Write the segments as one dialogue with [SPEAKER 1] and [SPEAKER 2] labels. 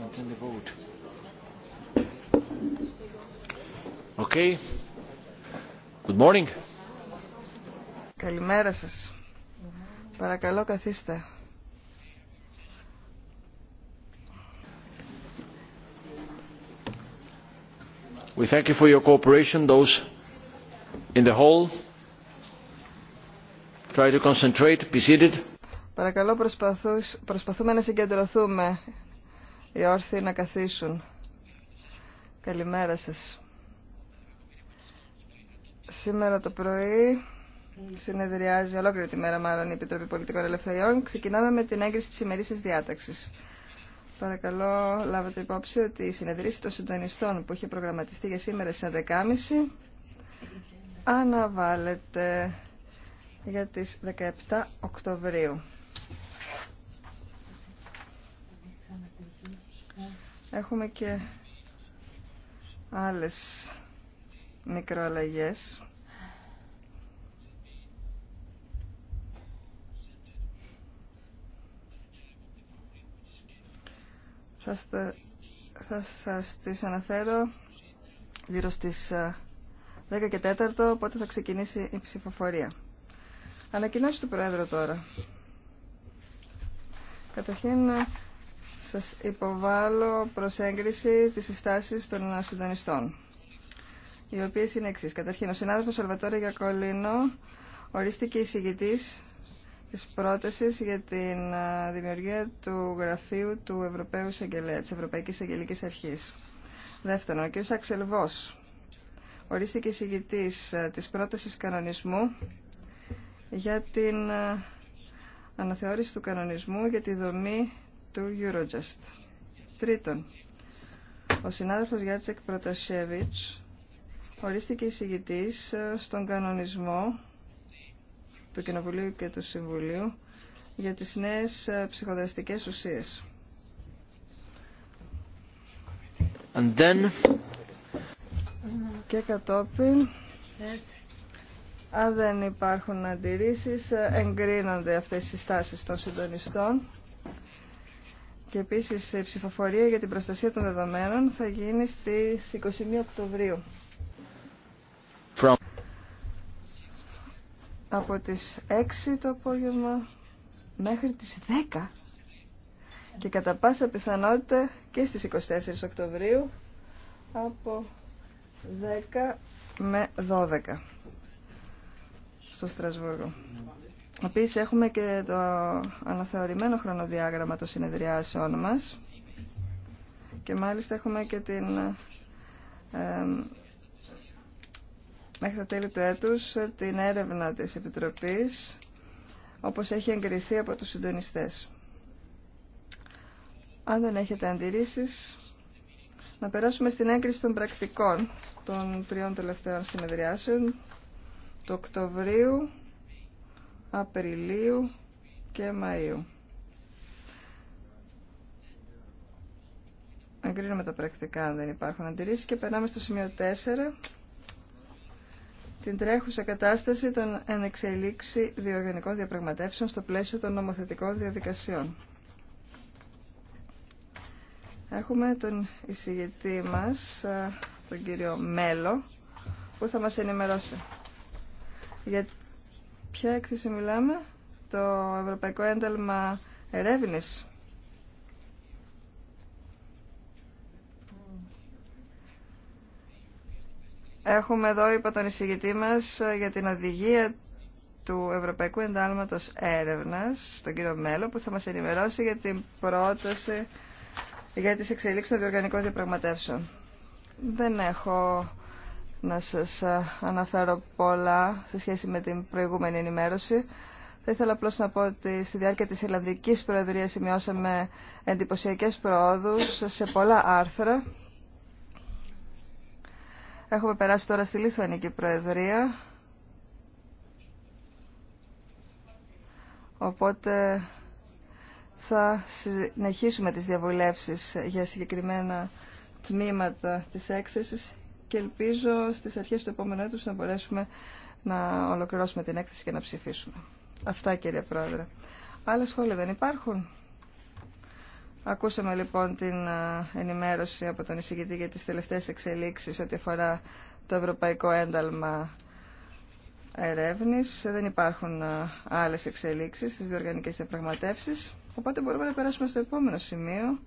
[SPEAKER 1] the vote.
[SPEAKER 2] Okay. Good morning. Καλημέρα σας. Παρακαλώ καθίστε.
[SPEAKER 1] We thank you for your cooperation, those in the hall. Try to concentrate, be seated.
[SPEAKER 2] Παρακαλώ προσπαθούμε να συγκεντρωθούμε οι όρθιοι να καθίσουν. Καλημέρα σας. Σήμερα το πρωί συνεδριάζει ολόκληρη τη μέρα μάλλον η Επιτροπή Πολιτικών Ελευθεριών. Ξεκινάμε με την έγκριση της ημερήσιας διάταξης. Παρακαλώ λάβετε υπόψη ότι η συνεδρίαση των συντονιστών που είχε προγραμματιστεί για σήμερα στις 11.30 αναβάλλεται για τις 17 Οκτωβρίου. Έχουμε και άλλες μικροαλλαγές. Θα, στα, σας τις αναφέρω γύρω στις 10 ε, και 4, οπότε θα ξεκινήσει η ψηφοφορία. Ανακοινώσει του Πρόεδρο τώρα. Καταρχήν σας υποβάλλω προς έγκριση τις συστάσεις των συντονιστών, οι οποίες είναι εξής. Καταρχήν, ο συνάδελφος Σαλβατόρη Γιακολίνο ορίστηκε εισηγητής της πρότασης για την δημιουργία του γραφείου του Ευρωπαίου Εισαγγελέα, της Ευρωπαϊκής Αγγελικής Αρχής. Δεύτερον, ο κ. Αξελβός ορίστηκε εισηγητής της πρότασης κανονισμού για την αναθεώρηση του κανονισμού για τη δομή του Eurojust. Τρίτον, ο συνάδελφος Γιάτσεκ Προτασέβιτς ορίστηκε εισηγητής ε, στον κανονισμό του Κοινοβουλίου και του Συμβουλίου για τις νέες ε, ψυχοδραστικές ουσίες. Και κατόπιν, αν δεν υπάρχουν αντιρρήσεις, ε, εγκρίνονται αυτές οι στάσεις των συντονιστών. Και επίσης η ψηφοφορία για την προστασία των δεδομένων θα γίνει στις 21 Οκτωβρίου. Από τις 6 το απόγευμα μέχρι τις 10 και κατά πάσα πιθανότητα και στις 24 Οκτωβρίου από 10 με 12 στο Στρασβούργο. Επίσης έχουμε και το αναθεωρημένο χρονοδιάγραμμα των συνεδριάσεων μας και μάλιστα έχουμε και την μέχρι τα τέλη του έτους την έρευνα της Επιτροπής όπως έχει εγκριθεί από τους συντονιστές. Αν δεν έχετε αντιρρήσεις, να περάσουμε στην έγκριση των πρακτικών των τριών τελευταίων συνεδριάσεων του Οκτωβρίου, Απριλίου και Μαΐου. Αγκρίνουμε τα πρακτικά αν δεν υπάρχουν αντιρρήσεις και περνάμε στο σημείο 4 την τρέχουσα κατάσταση των ενεξελίξη διοργανικών διαπραγματεύσεων στο πλαίσιο των νομοθετικών διαδικασιών. Έχουμε τον εισηγητή μας, τον κύριο Μέλο, που θα μας ενημερώσει για Ποια έκθεση μιλάμε? Το Ευρωπαϊκό Ένταλμα Ερεύνη. Έχουμε εδώ, είπα τον εισηγητή μας, ε, για την οδηγία του Ευρωπαϊκού Εντάλματος Έρευνας, τον κύριο Μέλο, που θα μας ενημερώσει για την πρόταση για τις εξελίξεις των διοργανικών διαπραγματεύσεων. Δεν έχω να σας αναφέρω πολλά σε σχέση με την προηγούμενη ενημέρωση. Θα ήθελα απλώς να πω ότι στη διάρκεια της Ιρλανδικής Προεδρίας σημειώσαμε εντυπωσιακές προόδους σε πολλά άρθρα. Έχουμε περάσει τώρα στη Λιθουανική Προεδρία. Οπότε θα συνεχίσουμε τις διαβουλεύσεις για συγκεκριμένα τμήματα της έκθεσης και ελπίζω στις αρχές του επόμενου έτους να μπορέσουμε να ολοκληρώσουμε την έκθεση και να ψηφίσουμε. Αυτά κύριε Πρόεδρε. Άλλα σχόλια δεν υπάρχουν. Ακούσαμε λοιπόν την ενημέρωση από τον εισηγητή για τις τελευταίες εξελίξεις ό,τι αφορά το Ευρωπαϊκό Ένταλμα Ερεύνης. Δεν υπάρχουν άλλες εξελίξεις στις διοργανικές διαπραγματεύσεις. Οπότε μπορούμε να περάσουμε στο επόμενο σημείο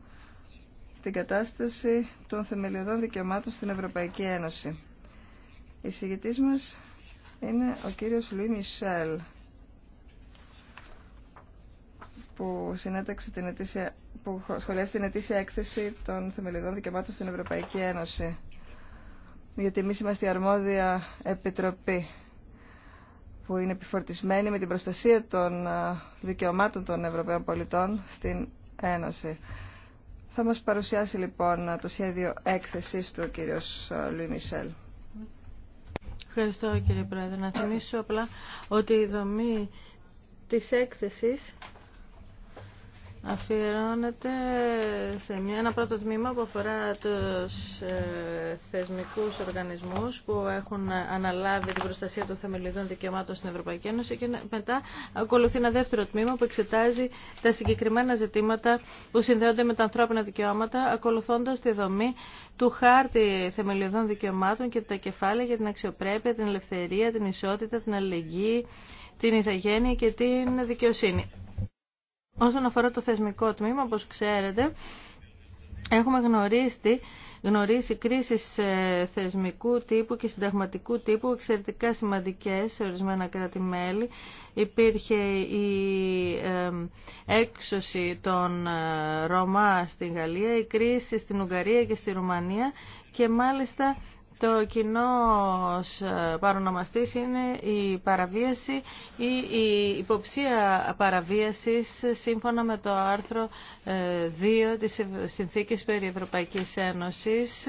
[SPEAKER 2] την κατάσταση των θεμελιωδών δικαιωμάτων στην Ευρωπαϊκή Ένωση. Η συγγετής μας είναι ο κύριος Λουί Μισελ που, συνέταξε την ετήσια, που σχολιάζει την ετήσια έκθεση των θεμελιωδών δικαιωμάτων στην Ευρωπαϊκή Ένωση. Γιατί εμεί είμαστε η αρμόδια επιτροπή που είναι επιφορτισμένη με την προστασία των ε, δικαιωμάτων των Ευρωπαίων πολιτών στην Ένωση. Θα μας παρουσιάσει λοιπόν το σχέδιο έκθεσης του κύριος ε, Λουί Μισελ.
[SPEAKER 3] Ευχαριστώ κύριε Πρόεδρε. Να θυμίσω απλά ότι η δομή της έκθεσης αφιερώνεται σε μια, ένα πρώτο τμήμα που αφορά τους ε, θεσμικούς οργανισμούς που έχουν αναλάβει την προστασία των θεμελιωδών δικαιωμάτων στην Ευρωπαϊκή Ένωση και μετά ακολουθεί ένα δεύτερο τμήμα που εξετάζει τα συγκεκριμένα ζητήματα που συνδέονται με τα ανθρώπινα δικαιώματα ακολουθώντας τη δομή του χάρτη θεμελιωδών δικαιωμάτων και τα κεφάλαια για την αξιοπρέπεια, την ελευθερία, την ισότητα, την αλληλεγγύη, την ηθαγένεια και την δικαιοσύνη. Όσον αφορά το θεσμικό τμήμα, όπως ξέρετε, έχουμε γνωρίσει, γνωρίσει κρίσεις ε, θεσμικού τύπου και συνταγματικού τύπου εξαιρετικά σημαντικές σε ορισμένα κράτη-μέλη. Υπήρχε η ε, έξωση των ε, Ρωμά στην Γαλλία, η κρίση στην Ουγγαρία και στη Ρουμανία και μάλιστα το κοινό ε, παρονομαστής είναι η παραβίαση ή η υποψία παραβίασης σύμφωνα με το άρθρο 2 ε, της Συνθήκης περί Ευρωπαϊκής Ένωσης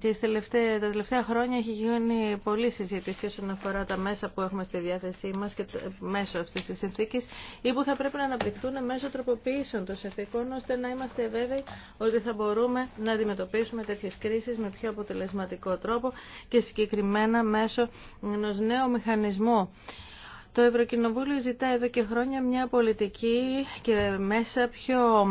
[SPEAKER 3] Τις τελευταία, τα τελευταία χρόνια έχει γίνει πολλή συζήτηση όσον αφορά τα μέσα που έχουμε στη διάθεσή μας και μέσω αυτής της συνθήκης ή που θα πρέπει να αναπτυχθούν μέσω τροποποιήσεων των συνθήκων ώστε να είμαστε βέβαιοι ότι θα μπορούμε να αντιμετωπίσουμε τέτοιες κρίσεις με πιο αποτελεσματικό τρόπο και συγκεκριμένα μέσω ενός νέου μηχανισμού. Το Ευρωκοινοβούλιο ζητά εδώ και χρόνια μια πολιτική και μέσα πιο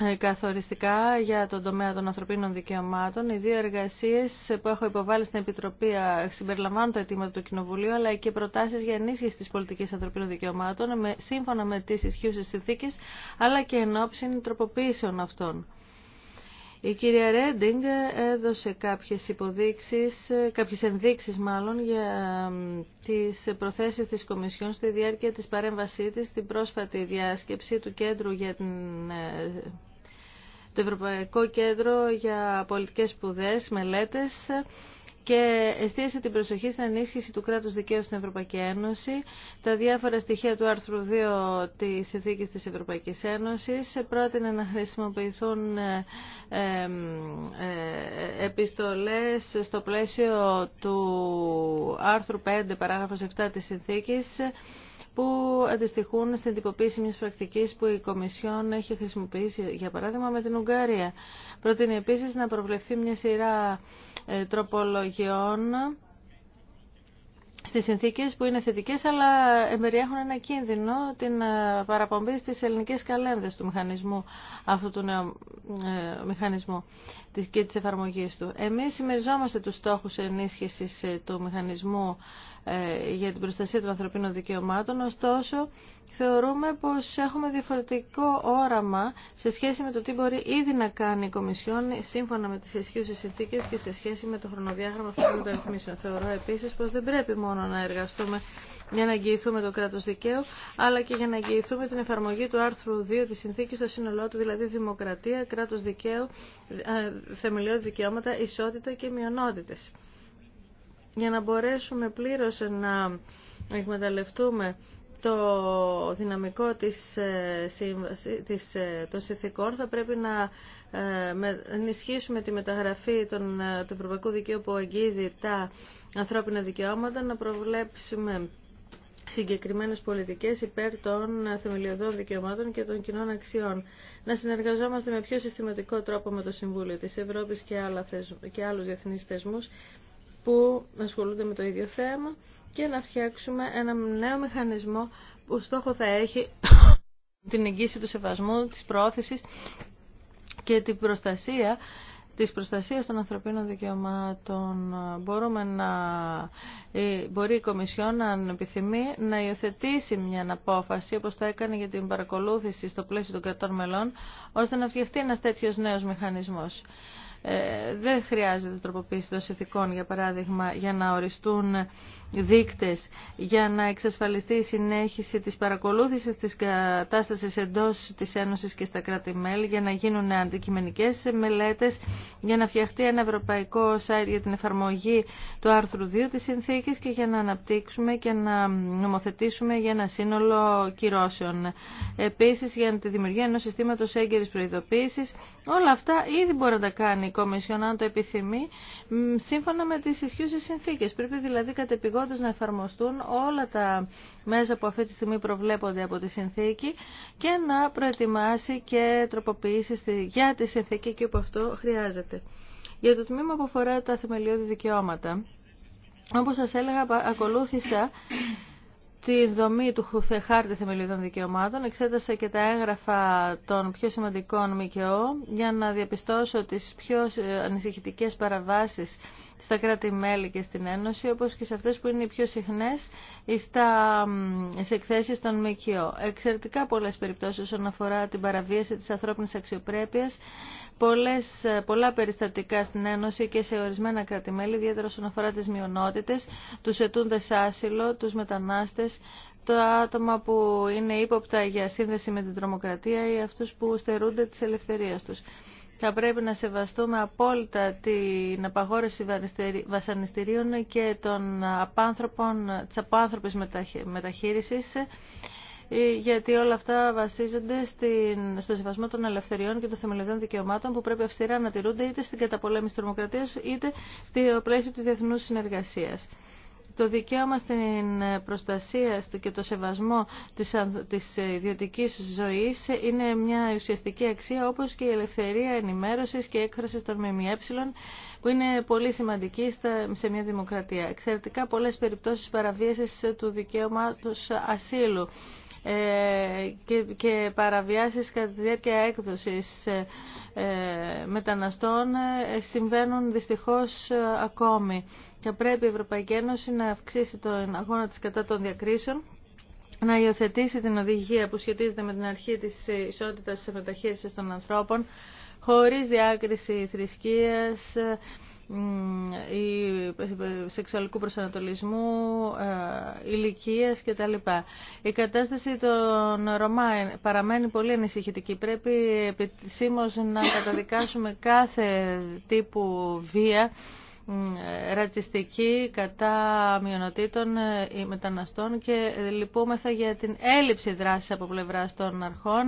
[SPEAKER 3] ε, καθοριστικά για τον τομέα των ανθρωπίνων δικαιωμάτων. Οι δύο εργασίε που έχω υποβάλει στην Επιτροπή συμπεριλαμβάνουν τα αιτήματα του Κοινοβουλίου, αλλά και προτάσει για ενίσχυση τη πολιτική ανθρωπίνων δικαιωμάτων με, σύμφωνα με τι ισχύουσε συνθήκε, αλλά και εν ώψη τροποποιήσεων αυτών. Η κυρία Ρέντινγκ έδωσε κάποιες υποδείξεις, κάποιες ενδείξεις μάλλον για τις προθέσεις της Κομισιόν στη διάρκεια της παρέμβασή της στην πρόσφατη διάσκεψη του Κέντρου για την ε, το Ευρωπαϊκό Κέντρο για Πολιτικές Σπουδές, Μελέτες και εστίασε την προσοχή στην ενίσχυση του κράτους δικαίου στην Ευρωπαϊκή Ένωση, τα διάφορα στοιχεία του άρθρου 2 της Συνθήκης της Ευρωπαϊκής Ένωσης, πρότεινε να χρησιμοποιηθούν ε, ε, ε, επιστολές στο πλαίσιο του άρθρου 5 παράγραφος 7 της Συνθήκης, που αντιστοιχούν στην τυποποίηση μιας πρακτικής που η Κομισιόν έχει χρησιμοποιήσει, για παράδειγμα, με την Ουγγαρία. Προτείνει επίσης να προβλεφθεί μια σειρά ε, τροπολογιών στις συνθήκες που είναι θετικές αλλά εμπεριέχουν ένα κίνδυνο την ε, παραπομπή στις ελληνικές καλένδες του μηχανισμού αυτού του νέου ε, μηχανισμού και της εφαρμογής του. Εμείς συμμεριζόμαστε τους στόχους ενίσχυσης του μηχανισμού ε, για την προστασία των ανθρωπίνων δικαιωμάτων. Ωστόσο, θεωρούμε πως έχουμε διαφορετικό όραμα σε σχέση με το τι μπορεί ήδη να κάνει η Κομισιόν σύμφωνα με τις ισχύουσε συνθήκες και σε σχέση με το χρονοδιάγραμμα αυτών των ρυθμίσεων. Θεωρώ επίσης πως δεν πρέπει μόνο να εργαστούμε για να εγγυηθούμε το κράτος δικαίου, αλλά και για να εγγυηθούμε την εφαρμογή του άρθρου 2 της συνθήκης στο σύνολό του, δηλαδή δημοκρατία, κράτος δικαίου, ε, θεμελιώδη δικαιώματα, ισότητα και μειονότητες για να μπορέσουμε πλήρως να εκμεταλλευτούμε το δυναμικό της, ε, της, ε, των συνθηκών θα πρέπει να ε, ενισχύσουμε τη μεταγραφή των, του Ευρωπαϊκού Δικαίου που αγγίζει τα ανθρώπινα δικαιώματα, να προβλέψουμε συγκεκριμένες πολιτικές υπέρ των θεμελιωδών δικαιωμάτων και των κοινών αξιών. Να συνεργαζόμαστε με πιο συστηματικό τρόπο με το Συμβούλιο της Ευρώπης και, άλλα και άλλους διεθνείς θεσμούς που ασχολούνται με το ίδιο θέμα και να φτιάξουμε ένα νέο μηχανισμό που στόχο θα έχει την εγγύηση του σεβασμού, της πρόθεσης και την προστασία της προστασίας των ανθρωπίνων δικαιωμάτων. Μπορούμε να, μπορεί η Κομισιόν, αν επιθυμεί, να υιοθετήσει μια απόφαση, όπως το έκανε για την παρακολούθηση στο πλαίσιο των κρατών μελών, ώστε να φτιαχτεί ένας τέτοιος νέος μηχανισμός. Ε, δεν χρειάζεται τροποποίηση των συνθηκών, για παράδειγμα, για να οριστούν δείκτες για να εξασφαλιστεί η συνέχιση της παρακολούθησης της κατάστασης εντός της Ένωσης και στα κράτη-μέλη για να γίνουν αντικειμενικές μελέτες για να φτιαχτεί ένα ευρωπαϊκό site για την εφαρμογή του άρθρου 2 της συνθήκης και για να αναπτύξουμε και να νομοθετήσουμε για ένα σύνολο κυρώσεων. Επίσης για τη δημιουργία ενός συστήματος έγκαιρης προειδοποίησης. Όλα αυτά ήδη μπορεί να τα κάνει η Κομισιόν αν το επιθυμεί σύμφωνα με τις ισχύουσες συνθήκες. Πρέπει δηλαδή κατ' να εφαρμοστούν όλα τα μέσα που αυτή τη στιγμή προβλέπονται από τη συνθήκη και να προετοιμάσει και τροποποιήσει για τη συνθήκη και όπου αυτό χρειάζεται. Για το τμήμα που αφορά τα θεμελιώδη δικαιώματα, όπως σας έλεγα, ακολούθησα τη δομή του χάρτη θεμελιωδών δικαιωμάτων, εξέτασα και τα έγγραφα των πιο σημαντικών ΜΚΟ για να διαπιστώσω τις πιο ανησυχητικές παραβάσεις στα κράτη-μέλη και στην Ένωση, όπως και σε αυτές που είναι οι πιο συχνές στα, εκθέσει των ΜΚΟ. Εξαιρετικά πολλές περιπτώσεις όσον αφορά την παραβίαση της ανθρώπινης αξιοπρέπειας, πολλές, πολλά περιστατικά στην Ένωση και σε ορισμένα κράτη-μέλη, ιδιαίτερα όσον αφορά τις μειονότητες, τους ετούντες άσυλο, τους μετανάστες, τα άτομα που είναι ύποπτα για σύνδεση με την τρομοκρατία ή αυτούς που στερούνται της ελευθερίας τους. Θα πρέπει να σεβαστούμε απόλυτα την απαγόρευση βασανιστήριων και των απάνθρωπων, της απάνθρωπης μεταχείρισης ε, γιατί όλα αυτά βασίζονται στην, στο σεβασμό των ελευθεριών και των θεμελιωδών δικαιωμάτων που πρέπει αυστηρά να τηρούνται είτε στην καταπολέμηση της τρομοκρατίας είτε στο πλαίσιο τη διεθνού συνεργασία. το δικαίωμα στην προστασία και το σεβασμό της, της ιδιωτικής ζωής είναι μια ουσιαστική αξία όπως και η ελευθερία ενημέρωσης και έκφρασης των ΜΜΕ που είναι πολύ σημαντική σε μια δημοκρατία. Εξαιρετικά πολλές περιπτώσεις παραβίασης του δικαίωματος ασύλου ε, και, και παραβιάσεις κατά τη διάρκεια έκδοσης ε, ε, μεταναστών συμβαίνουν δυστυχώς ακόμη. Και πρέπει η Ευρωπαϊκή Ένωση να αυξήσει τον αγώνα της κατά των διακρίσεων να υιοθετήσει την οδηγία που σχετίζεται με την αρχή της ισότητας της μεταχείρισης των ανθρώπων χωρίς διάκριση θρησκείας, σεξουαλικού προσανατολισμού, ε, ηλικία κτλ. Η κατάσταση των Ρωμά παραμένει πολύ ανησυχητική. Πρέπει επισήμω να καταδικάσουμε κάθε τύπου βία ρατσιστική κατά μειονοτήτων ε, ή μεταναστών και λυπούμεθα για την έλλειψη δράσης από πλευράς των αρχών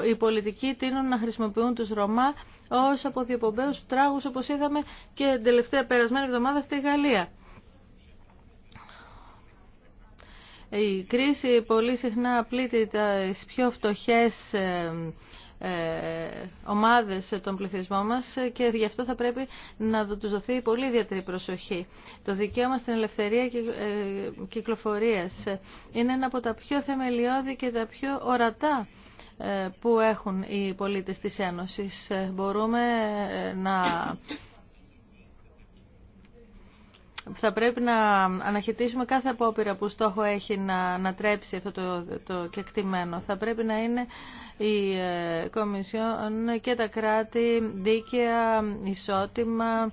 [SPEAKER 3] οι πολιτικοί τείνουν να χρησιμοποιούν τους Ρωμά ως αποδιοπομπαίους τράγους όπως είδαμε και την τελευταία περασμένη εβδομάδα στη Γαλλία. Η κρίση πολύ συχνά πλήττει τις πιο φτωχές ε, ε, ομάδες των πληθυσμών μας και γι' αυτό θα πρέπει να τους δοθεί πολύ ιδιαίτερη προσοχή. Το δικαίωμα στην ελευθερία ε, κυκλοφορίας είναι ένα από τα πιο θεμελιώδη και τα πιο ορατά που έχουν οι πολίτες της Ένωσης. Μπορούμε ε, να θα πρέπει να αναχαιτήσουμε κάθε απόπειρα που στόχο έχει να, να τρέψει αυτό το, το κεκτημένο. Θα πρέπει να είναι η ε, Κομισιόν και τα κράτη δίκαια, ισότιμα,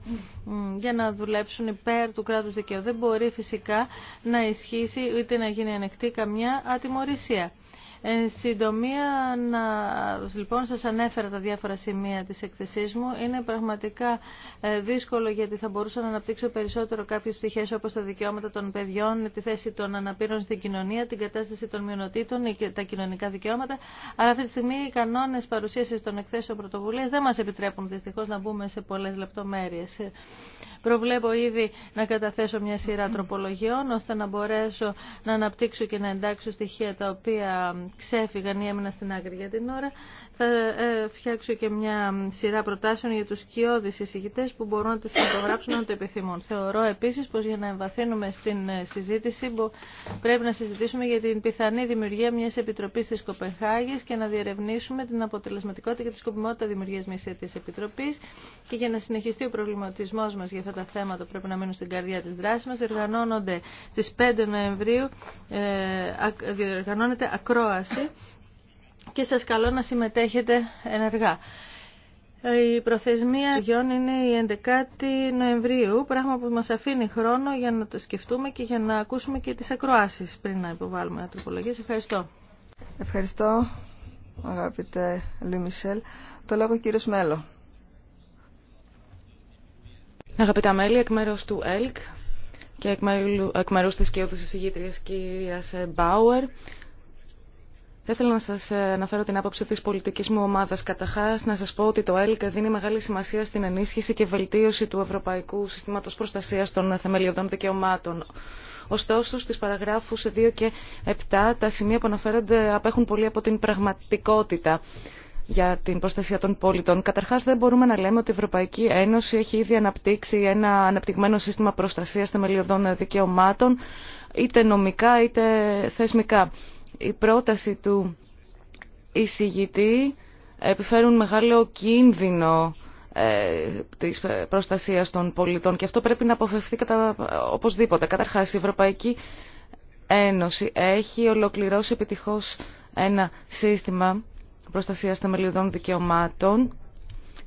[SPEAKER 3] για να δουλέψουν υπέρ του κράτους δικαίου. Δεν μπορεί φυσικά να ισχύσει ούτε να γίνει ανεκτή καμιά ατιμορρησία συντομία, να, λοιπόν, σας ανέφερα τα διάφορα σημεία της εκθεσής μου. Είναι πραγματικά ε, δύσκολο γιατί θα μπορούσα να αναπτύξω περισσότερο κάποιες πτυχές όπως τα δικαιώματα των παιδιών, τη θέση των αναπήρων στην κοινωνία, την κατάσταση των μειονοτήτων και τα κοινωνικά δικαιώματα. Αλλά αυτή τη στιγμή οι κανόνες παρουσίασης των εκθέσεων πρωτοβουλία δεν μας επιτρέπουν δυστυχώς να μπούμε σε πολλές λεπτομέρειες. Προβλέπω ήδη να καταθέσω μια σειρά τροπολογιών ώστε να μπορέσω να αναπτύξω και να εντάξω στοιχεία τα οποία ξέφυγαν ή έμειναν στην άκρη για την ώρα. Θα ε, φτιάξω και μια σειρά προτάσεων για τους σκιώδεις εισηγητές που μπορούν να τις υπογράψουν αν το επιθυμούν. Θεωρώ επίσης πως για να εμβαθύνουμε στην ε, συζήτηση πρέπει να συζητήσουμε για την πιθανή δημιουργία μιας επιτροπής της Κοπεχάγης και να διερευνήσουμε την αποτελεσματικότητα και τη σκοπιμότητα δημιουργίας μιας τέτοιας επιτροπής και για να συνεχιστεί ο προβληματισμός μας για αυτά τα θέματα που πρέπει να μείνουν στην καρδιά της δράσης μας. Διοργανώνονται στις 5 Νοεμβρίου, ε, διοργανώνεται ακρόαση και σας καλώ να συμμετέχετε ενεργά. Η προθεσμία γιών είναι η 11η Νοεμβρίου, πράγμα που μας αφήνει χρόνο για να το σκεφτούμε και για να ακούσουμε και τις ακροάσεις πριν να
[SPEAKER 2] υποβάλουμε ατροπολογίες. Ευχαριστώ. Ευχαριστώ, αγαπητέ Λου Μισελ. Το λόγο κύριος Μέλο.
[SPEAKER 4] Αγαπητά μέλη, εκ μέρους του ΕΛΚ και εκ μέρους της και ηγήτριας κυρίας Μπάουερ, θα ήθελα να σα ε, αναφέρω την άποψη τη πολιτική μου ομάδα. Καταρχά, να σα πω ότι το ΕΛΚ δίνει μεγάλη σημασία στην ενίσχυση και βελτίωση του Ευρωπαϊκού Συστήματο Προστασία των Θεμελιωδών Δικαιωμάτων. Ωστόσο, στι παραγράφου 2 και 7 τα σημεία που αναφέρονται απέχουν πολύ από την πραγματικότητα για την προστασία των πολιτών. Καταρχά, δεν μπορούμε να λέμε ότι η Ευρωπαϊκή Ένωση έχει ήδη αναπτύξει ένα αναπτυγμένο σύστημα προστασία θεμελιωδών δικαιωμάτων, είτε νομικά είτε θεσμικά η πρόταση του εισηγητή επιφέρουν μεγάλο κίνδυνο ε, της προστασίας των πολιτών και αυτό πρέπει να αποφευθεί κατά, οπωσδήποτε. Καταρχάς η Ευρωπαϊκή Ένωση έχει ολοκληρώσει επιτυχώς ένα σύστημα προστασίας θεμελιωδών δικαιωμάτων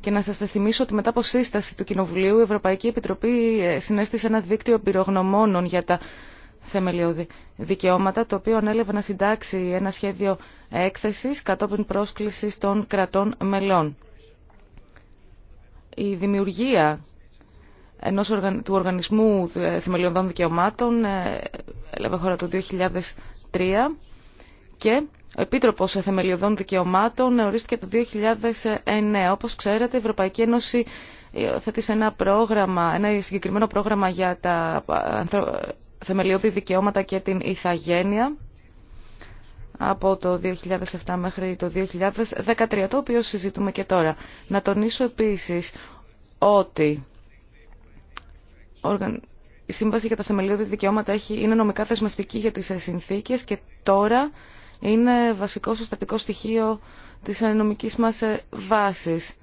[SPEAKER 4] και να σας θυμίσω ότι μετά από σύσταση του Κοινοβουλίου η Ευρωπαϊκή Επιτροπή ε, συνέστησε ένα δίκτυο πυρογνωμόνων για τα θεμελιώδη δικαιώματα, το οποίο ανέλαβε να συντάξει ένα σχέδιο έκθεσης κατόπιν πρόσκλησης των κρατών μελών. Η δημιουργία ενός του Οργανισμού Θεμελιωδών Δικαιωμάτων ε, έλαβε χώρα το 2003 και ο Επίτροπος Θεμελιωδών Δικαιωμάτων ορίστηκε το 2009. Όπως ξέρετε, η Ευρωπαϊκή Ένωση θέτησε ένα ένα συγκεκριμένο πρόγραμμα για τα ε, θεμελιώδη δικαιώματα και την ηθαγένεια από το 2007 μέχρι το 2013, το οποίο συζητούμε και τώρα. Να τονίσω επίσης ότι η Σύμβαση για τα Θεμελιώδη Δικαιώματα έχει, είναι νομικά θεσμευτική για τις συνθήκες και τώρα είναι βασικό συστατικό στοιχείο της νομικής μας ε, βάσης.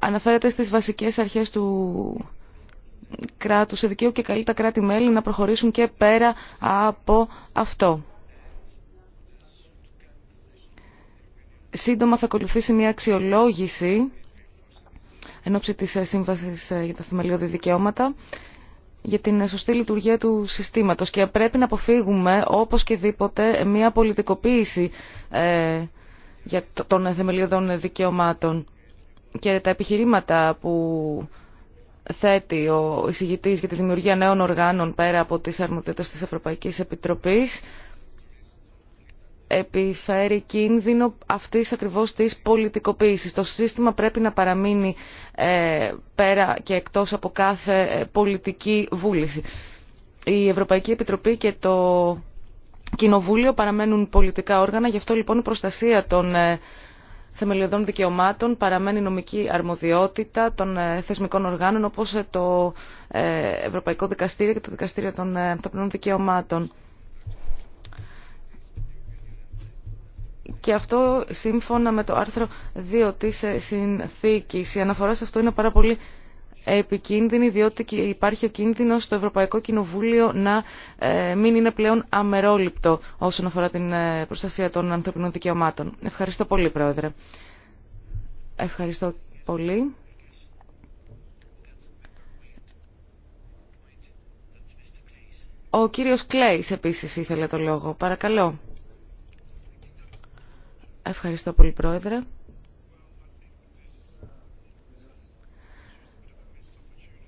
[SPEAKER 4] Αναφέρεται στις βασικές αρχές του κράτους δικαίου και καλεί τα κράτη-μέλη να προχωρήσουν και πέρα από αυτό. Σύντομα θα ακολουθήσει μια αξιολόγηση εν ώψη της ε, Σύμβασης ε, για τα Θεμελιώδη Δικαιώματα για την ε, σωστή λειτουργία του συστήματος και πρέπει να αποφύγουμε όπως και δίποτε μια πολιτικοποίηση ε, για των θεμελιωδών δικαιωμάτων και τα επιχειρήματα που θέτει ο εισηγητής για τη δημιουργία νέων οργάνων πέρα από τις αρμοδιότητες της Ευρωπαϊκής Επιτροπής επιφέρει κίνδυνο αυτής ακριβώς της πολιτικοποίησης. Το σύστημα πρέπει να παραμείνει ε, πέρα και εκτός από κάθε ε, πολιτική βούληση. Η Ευρωπαϊκή Επιτροπή και το Κοινοβούλιο παραμένουν πολιτικά όργανα, γι' αυτό λοιπόν η προστασία των ε, θεμελιωδών δικαιωμάτων παραμένει νομική αρμοδιότητα των ε, θεσμικών οργάνων όπως ε, το ε, Ευρωπαϊκό Δικαστήριο και το Δικαστήριο των Ανθρωπινών Δικαιωμάτων. Και αυτό σύμφωνα με το άρθρο 2 της συνθήκης. Η αναφορά σε αυτό είναι πάρα πολύ επικίνδυνη διότι υπάρχει ο κίνδυνος στο Ευρωπαϊκό Κοινοβούλιο να ε, μην είναι πλέον αμερόληπτο όσον αφορά την ε, προστασία των ανθρωπινών δικαιωμάτων. Ευχαριστώ πολύ Πρόεδρε. Ευχαριστώ πολύ. Ο κύριος Κλέης επίσης ήθελε το λόγο. Παρακαλώ. Ευχαριστώ πολύ Πρόεδρε.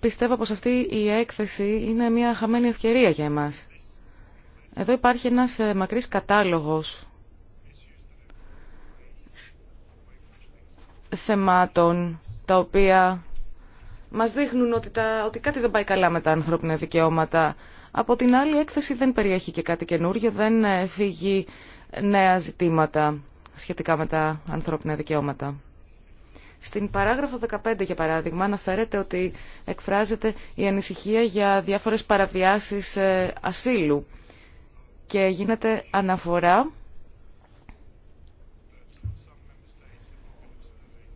[SPEAKER 4] πιστεύω πως αυτή η έκθεση είναι μια χαμένη ευκαιρία για εμάς. Εδώ υπάρχει ένας ε, μακρύς κατάλογος θεμάτων τα οποία μας δείχνουν ότι, τα, ότι κάτι δεν πάει καλά με τα ανθρώπινα δικαιώματα. Από την άλλη η έκθεση δεν περιέχει και κάτι καινούριο, δεν φύγει ε, νέα ζητήματα σχετικά με τα ανθρώπινα δικαιώματα. Στην παράγραφο 15, για παράδειγμα, αναφέρεται ότι εκφράζεται η ανησυχία για διάφορες παραβιάσεις ε, ασύλου και γίνεται αναφορά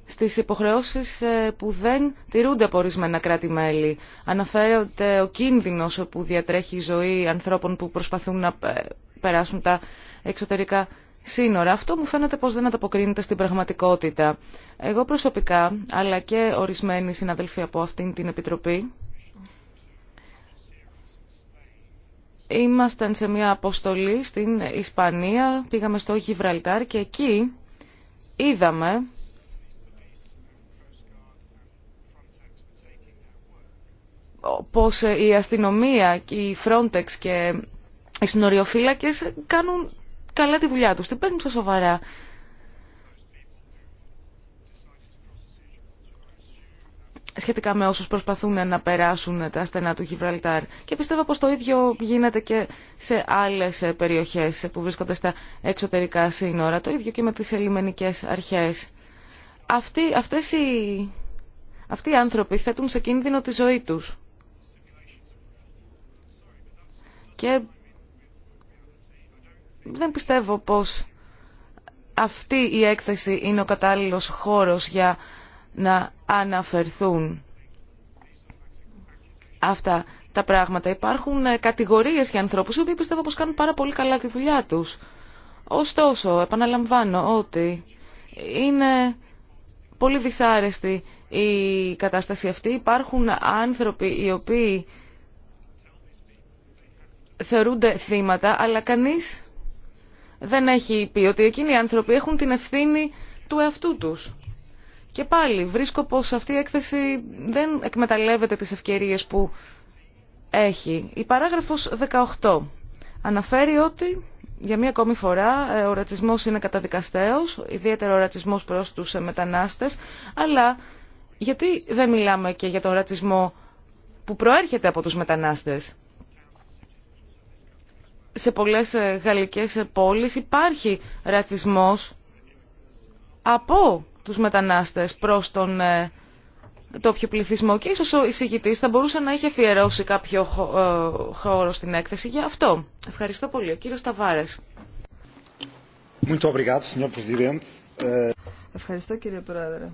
[SPEAKER 4] στις υποχρεώσεις ε, που δεν τηρούνται από ορισμένα κράτη-μέλη. Αναφέρεται ο κίνδυνος που διατρέχει η ζωή ανθρώπων που προσπαθούν να ε, περάσουν τα εξωτερικά σύνορα. Αυτό μου φαίνεται πως δεν ανταποκρίνεται στην πραγματικότητα. Εγώ προσωπικά, αλλά και ορισμένοι συναδελφοί από αυτήν την Επιτροπή, ήμασταν σε μια αποστολή στην Ισπανία, πήγαμε στο Γιβραλτάρ και εκεί είδαμε πως η αστυνομία, η Frontex και οι συνοριοφύλακες κάνουν καλά τη δουλειά τους, την παίρνουν στα σοβαρά. σχετικά με όσους προσπαθούν να περάσουν τα στενά του Γιβραλτάρ. Και πιστεύω πως το ίδιο γίνεται και σε άλλες περιοχές που βρίσκονται στα εξωτερικά σύνορα. Το ίδιο και με τις ελιμενικές αρχές. Αυτοί, αυτές οι, αυτοί άνθρωποι θέτουν σε κίνδυνο τη ζωή τους. Και δεν πιστεύω πως αυτή η έκθεση είναι ο κατάλληλος χώρος για να αναφερθούν αυτά τα πράγματα. Υπάρχουν ε, κατηγορίες για ανθρώπους οι οποίοι πιστεύω πως κάνουν πάρα πολύ καλά τη δουλειά τους. Ωστόσο, επαναλαμβάνω ότι είναι πολύ δυσάρεστη η κατάσταση αυτή. Υπάρχουν άνθρωποι οι οποίοι θεωρούνται θύματα, αλλά κανείς δεν έχει πει ότι εκείνοι οι άνθρωποι έχουν την ευθύνη του εαυτού τους. Και πάλι βρίσκω πως αυτή η έκθεση δεν εκμεταλλεύεται τις ευκαιρίες που έχει. Η παράγραφος 18 αναφέρει ότι για μία ακόμη φορά ε, ο ρατσισμός είναι καταδικαστέος, ιδιαίτερα ο ρατσισμός προς τους ε, μετανάστες, αλλά γιατί δεν μιλάμε και για τον ρατσισμό που προέρχεται από τους μετανάστες σε πολλές ε, γαλλικές ε, πόλεις υπάρχει ρατσισμός από τους μετανάστες προς τον ε, τόπιο πληθυσμό και ίσως ο εισηγητής θα μπορούσε να είχε αφιερώσει κάποιο χώρο στην έκθεση για αυτό. Ευχαριστώ πολύ. Ο κύριος Ταβάρες.
[SPEAKER 2] Ευχαριστώ κύριε Πρόεδρε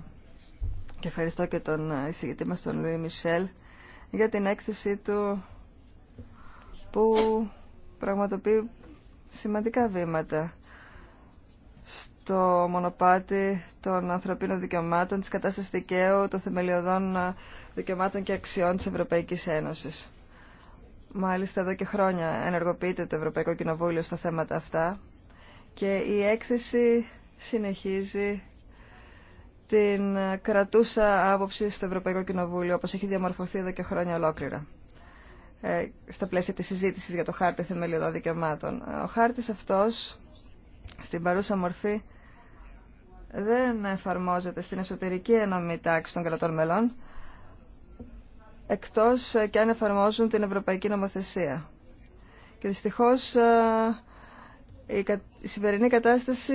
[SPEAKER 2] και ευχαριστώ και τον εισηγητή μας τον Λουί Μισελ για την έκθεση του που πραγματοποιεί σημαντικά βήματα στο μονοπάτι των ανθρωπίνων δικαιωμάτων, της κατάστασης δικαίου, των θεμελιωδών ε, δικαιωμάτων και αξιών της Ευρωπαϊκής Ένωσης. Μάλιστα εδώ και χρόνια ενεργοποιείται το Ευρωπαϊκό Κοινοβούλιο στα θέματα αυτά και η έκθεση συνεχίζει την ε, κρατούσα άποψη στο Ευρωπαϊκό Κοινοβούλιο όπως έχει διαμορφωθεί εδώ και χρόνια ολόκληρα. Ε, στα πλαίσια της συζήτησης για το χάρτη θεμελιωδών δικαιωμάτων. Ε, ο χάρτης αυτός, στην παρούσα μορφή, δεν εφαρμόζεται στην εσωτερική ενόμη τάξη των κρατών μελών, εκτός ε, και αν εφαρμόζουν την Ευρωπαϊκή Νομοθεσία. Και δυστυχώς η σημερινή κατάσταση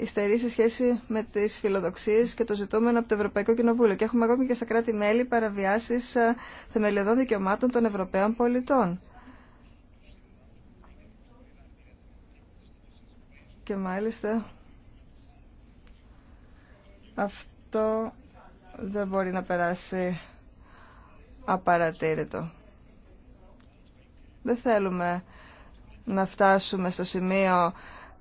[SPEAKER 2] υστερεί σε σχέση με τις φιλοδοξίες και το ζητούμενο από το Ευρωπαϊκό Κοινοβούλιο. Και έχουμε ακόμη και στα κράτη-μέλη παραβιάσεις ε, θεμελιωδών δικαιωμάτων των Ευρωπαίων πολιτών. Και μάλιστα αυτό δεν μπορεί να περάσει απαρατήρητο. Δεν θέλουμε να φτάσουμε στο σημείο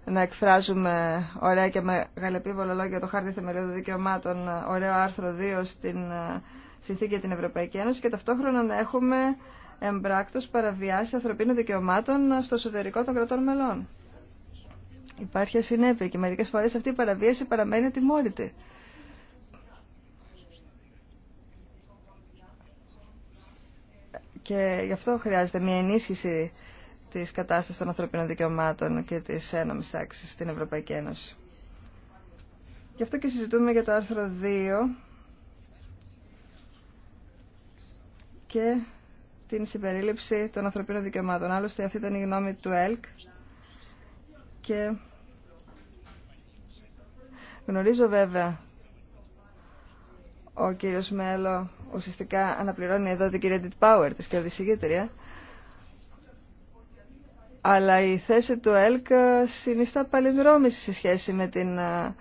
[SPEAKER 2] να εκφράζουμε ωραία και μεγαλεπίβολα λόγια το χάρτη θεμελιού δικαιωμάτων, ωραίο άρθρο 2 στην ε, Συνθήκη για την Ευρωπαϊκή Ένωση και ταυτόχρονα να έχουμε εμπράκτος παραβιάσει ανθρωπίνων δικαιωμάτων στο εσωτερικό των κρατών μελών. Υπάρχει ασυνέπεια και μερικές φορές αυτή η παραβίαση παραμένει τιμόρυτη. Και γι' αυτό χρειάζεται μια ενίσχυση της κατάστασης των ανθρωπίνων δικαιωμάτων και της ένωμης τάξης στην Ευρωπαϊκή Ένωση. Γι' αυτό και συζητούμε για το άρθρο 2 και την συμπερίληψη των ανθρωπίνων δικαιωμάτων. Άλλωστε αυτή ήταν η γνώμη του ΕΛΚ και γνωρίζω βέβαια ο κύριος Μέλο ουσιαστικά αναπληρώνει εδώ την κυρία Ντιτ Πάουερ, της και αλλά η θέση του ΕΛΚ συνιστά παλινδρόμηση σε σχέση με την ε,